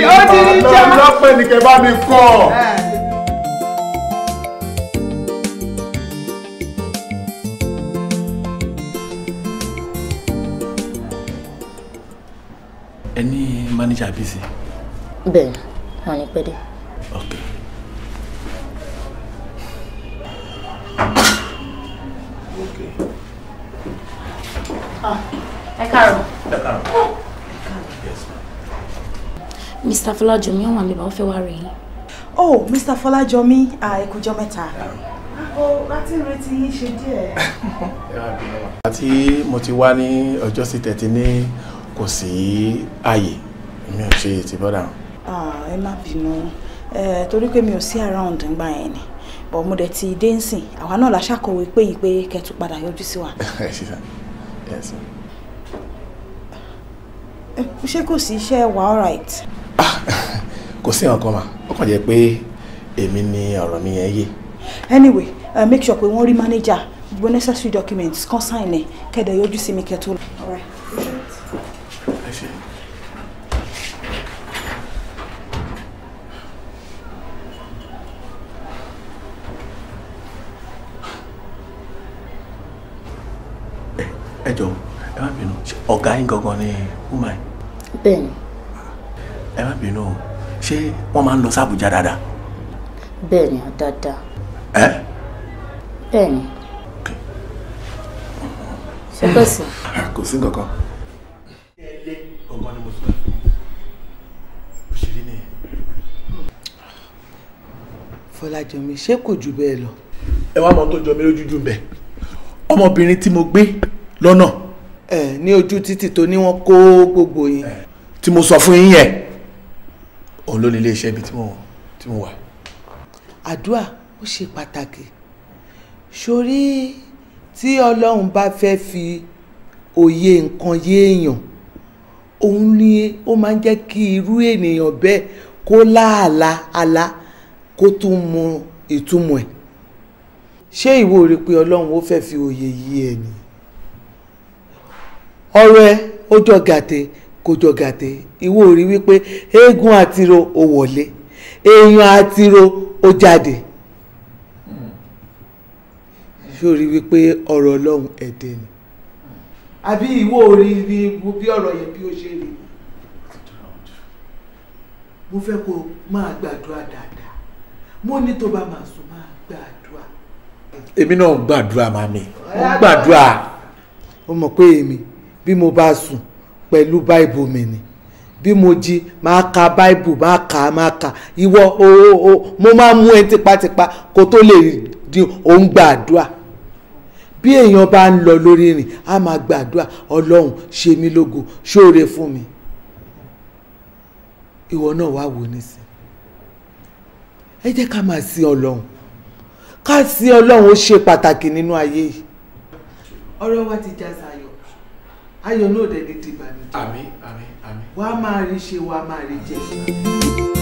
ó ti ríṣẹ́. èmi máa lọ pé nìkẹ́ bá mi kọ́. ẹ ní manager bísí. bẹ́ẹ̀ wọn ní pẹ́ẹ́dẹ́. ok. ok. Ah, ẹ káàárọ̀. ẹ káàárọ̀. Oh. Mr. Fọlájọmí ọ̀wọ́n àmì bá wọ́n fẹ́ wá rẹ̀ yín. Oh, Mr. Fọlájọmí, ẹ̀kújọ́ mẹ́ta. Ó láti oh, retí yín ṣe díẹ̀. Àti mo ti wá ní ọjọ́ sí tẹ̀tí ní kò sí ààyè mi ò ṣe ti bọ́dà ẹ má bínú torí pé mi ò sí around ńgbà yẹn ni but mo dẹ̀ ti dé ń sìn àwa náà la ṣàkọwé pé yìí pé kẹtù padà yọjú sí wa. ṣé kò sí iṣẹ́ wa all right. Ah, kò sí nǹkan mà ó kàn jẹ́ pé èmi ni ọ̀rọ̀ mi yẹn yé. anyway uh, make sure pé wọ́n rí manager gbogbo necessary documents kan sign ẹ̀ kẹ́dẹ̀ yọjú sí mi kẹ́tù. all right. ọ̀gá yín gangan ni wúmà yín. bẹ́ẹ̀ni. ẹ má bínú o ṣé wọ́n máa ń lọ sí Àbújá dáadáa. bẹ́ẹ̀ni dáadáa. ẹ. bẹ́ẹ̀ni. ṣé kò sí. kò sí kankan. fọlájọmí ṣé kò jù bẹ́ẹ̀ lọ. ẹ wá mọ tó jọ mí lójú jù bẹ́ẹ̀ ọmọbìnrin tí mo gbé lọ́nà. No ẹ ní ojú títì tó ní wọn kó gbogbo yín. tí mo sọ fún yín yẹn òun ló ní ilé iṣẹ́ ibi tí mo tí mo wà. àdúrà ó ṣe pàtàkì sórí tí ọlọ́run bá fẹ́ fi òye nǹkan yé èèyàn òun ni ó máa ń jẹ́ kí irú ènìyàn bẹ́ẹ̀ kó láàlá àlá kó tún mọ ìtumọ̀ ẹ̀ ṣé ìwọ rí pé ọlọ́run ó fẹ́ fi òye yí ẹ nìyí ọ̀rọ̀ ẹ ó jọ gàtè kò jọ gàtè ìwọ ò rí wípé eégún àtiro ò wọlé èèyàn àtiro ó jáde sórí wípé ọ̀rọ̀ ọlọ́run ẹ̀dẹ̀ ni. àbí ìwọ ò rí ni bí ọ̀rọ̀ yẹn bí ó ṣe rí mo fẹ́ kó máa gbàdúrà dáadáa mo ní tó bá máa sùn máa gbàdúrà. èmi náà gbàdúrà màmí ó gbàdúrà. ó mọ̀ pé èmi bí mo bá sùn pẹ̀lú báìbù mi ni bí mo jí máa ka báìbù máa kà á máa kà ìwọ o o mo máa mú ẹ tipátipá kó tó lè di òun gbàdúrà bí èèyàn bá ń lọ lórí rìn á máa gbàdúrà ọlọ́run ṣe mí lógo ṣóore fún mi ìwọ náà wá wò nísìn ẹ jẹ́ ká máa sin ọlọ́run ká sin ọlọ́run ó ṣe pàtàkì nínú ayé yìí ọ̀rọ̀ wa ti já sáyé ayọ̀ náà dẹ̀ ní dìbànújẹ́ àmín àmín àmín wàá máa rí ṣe wàá máa rí jẹ.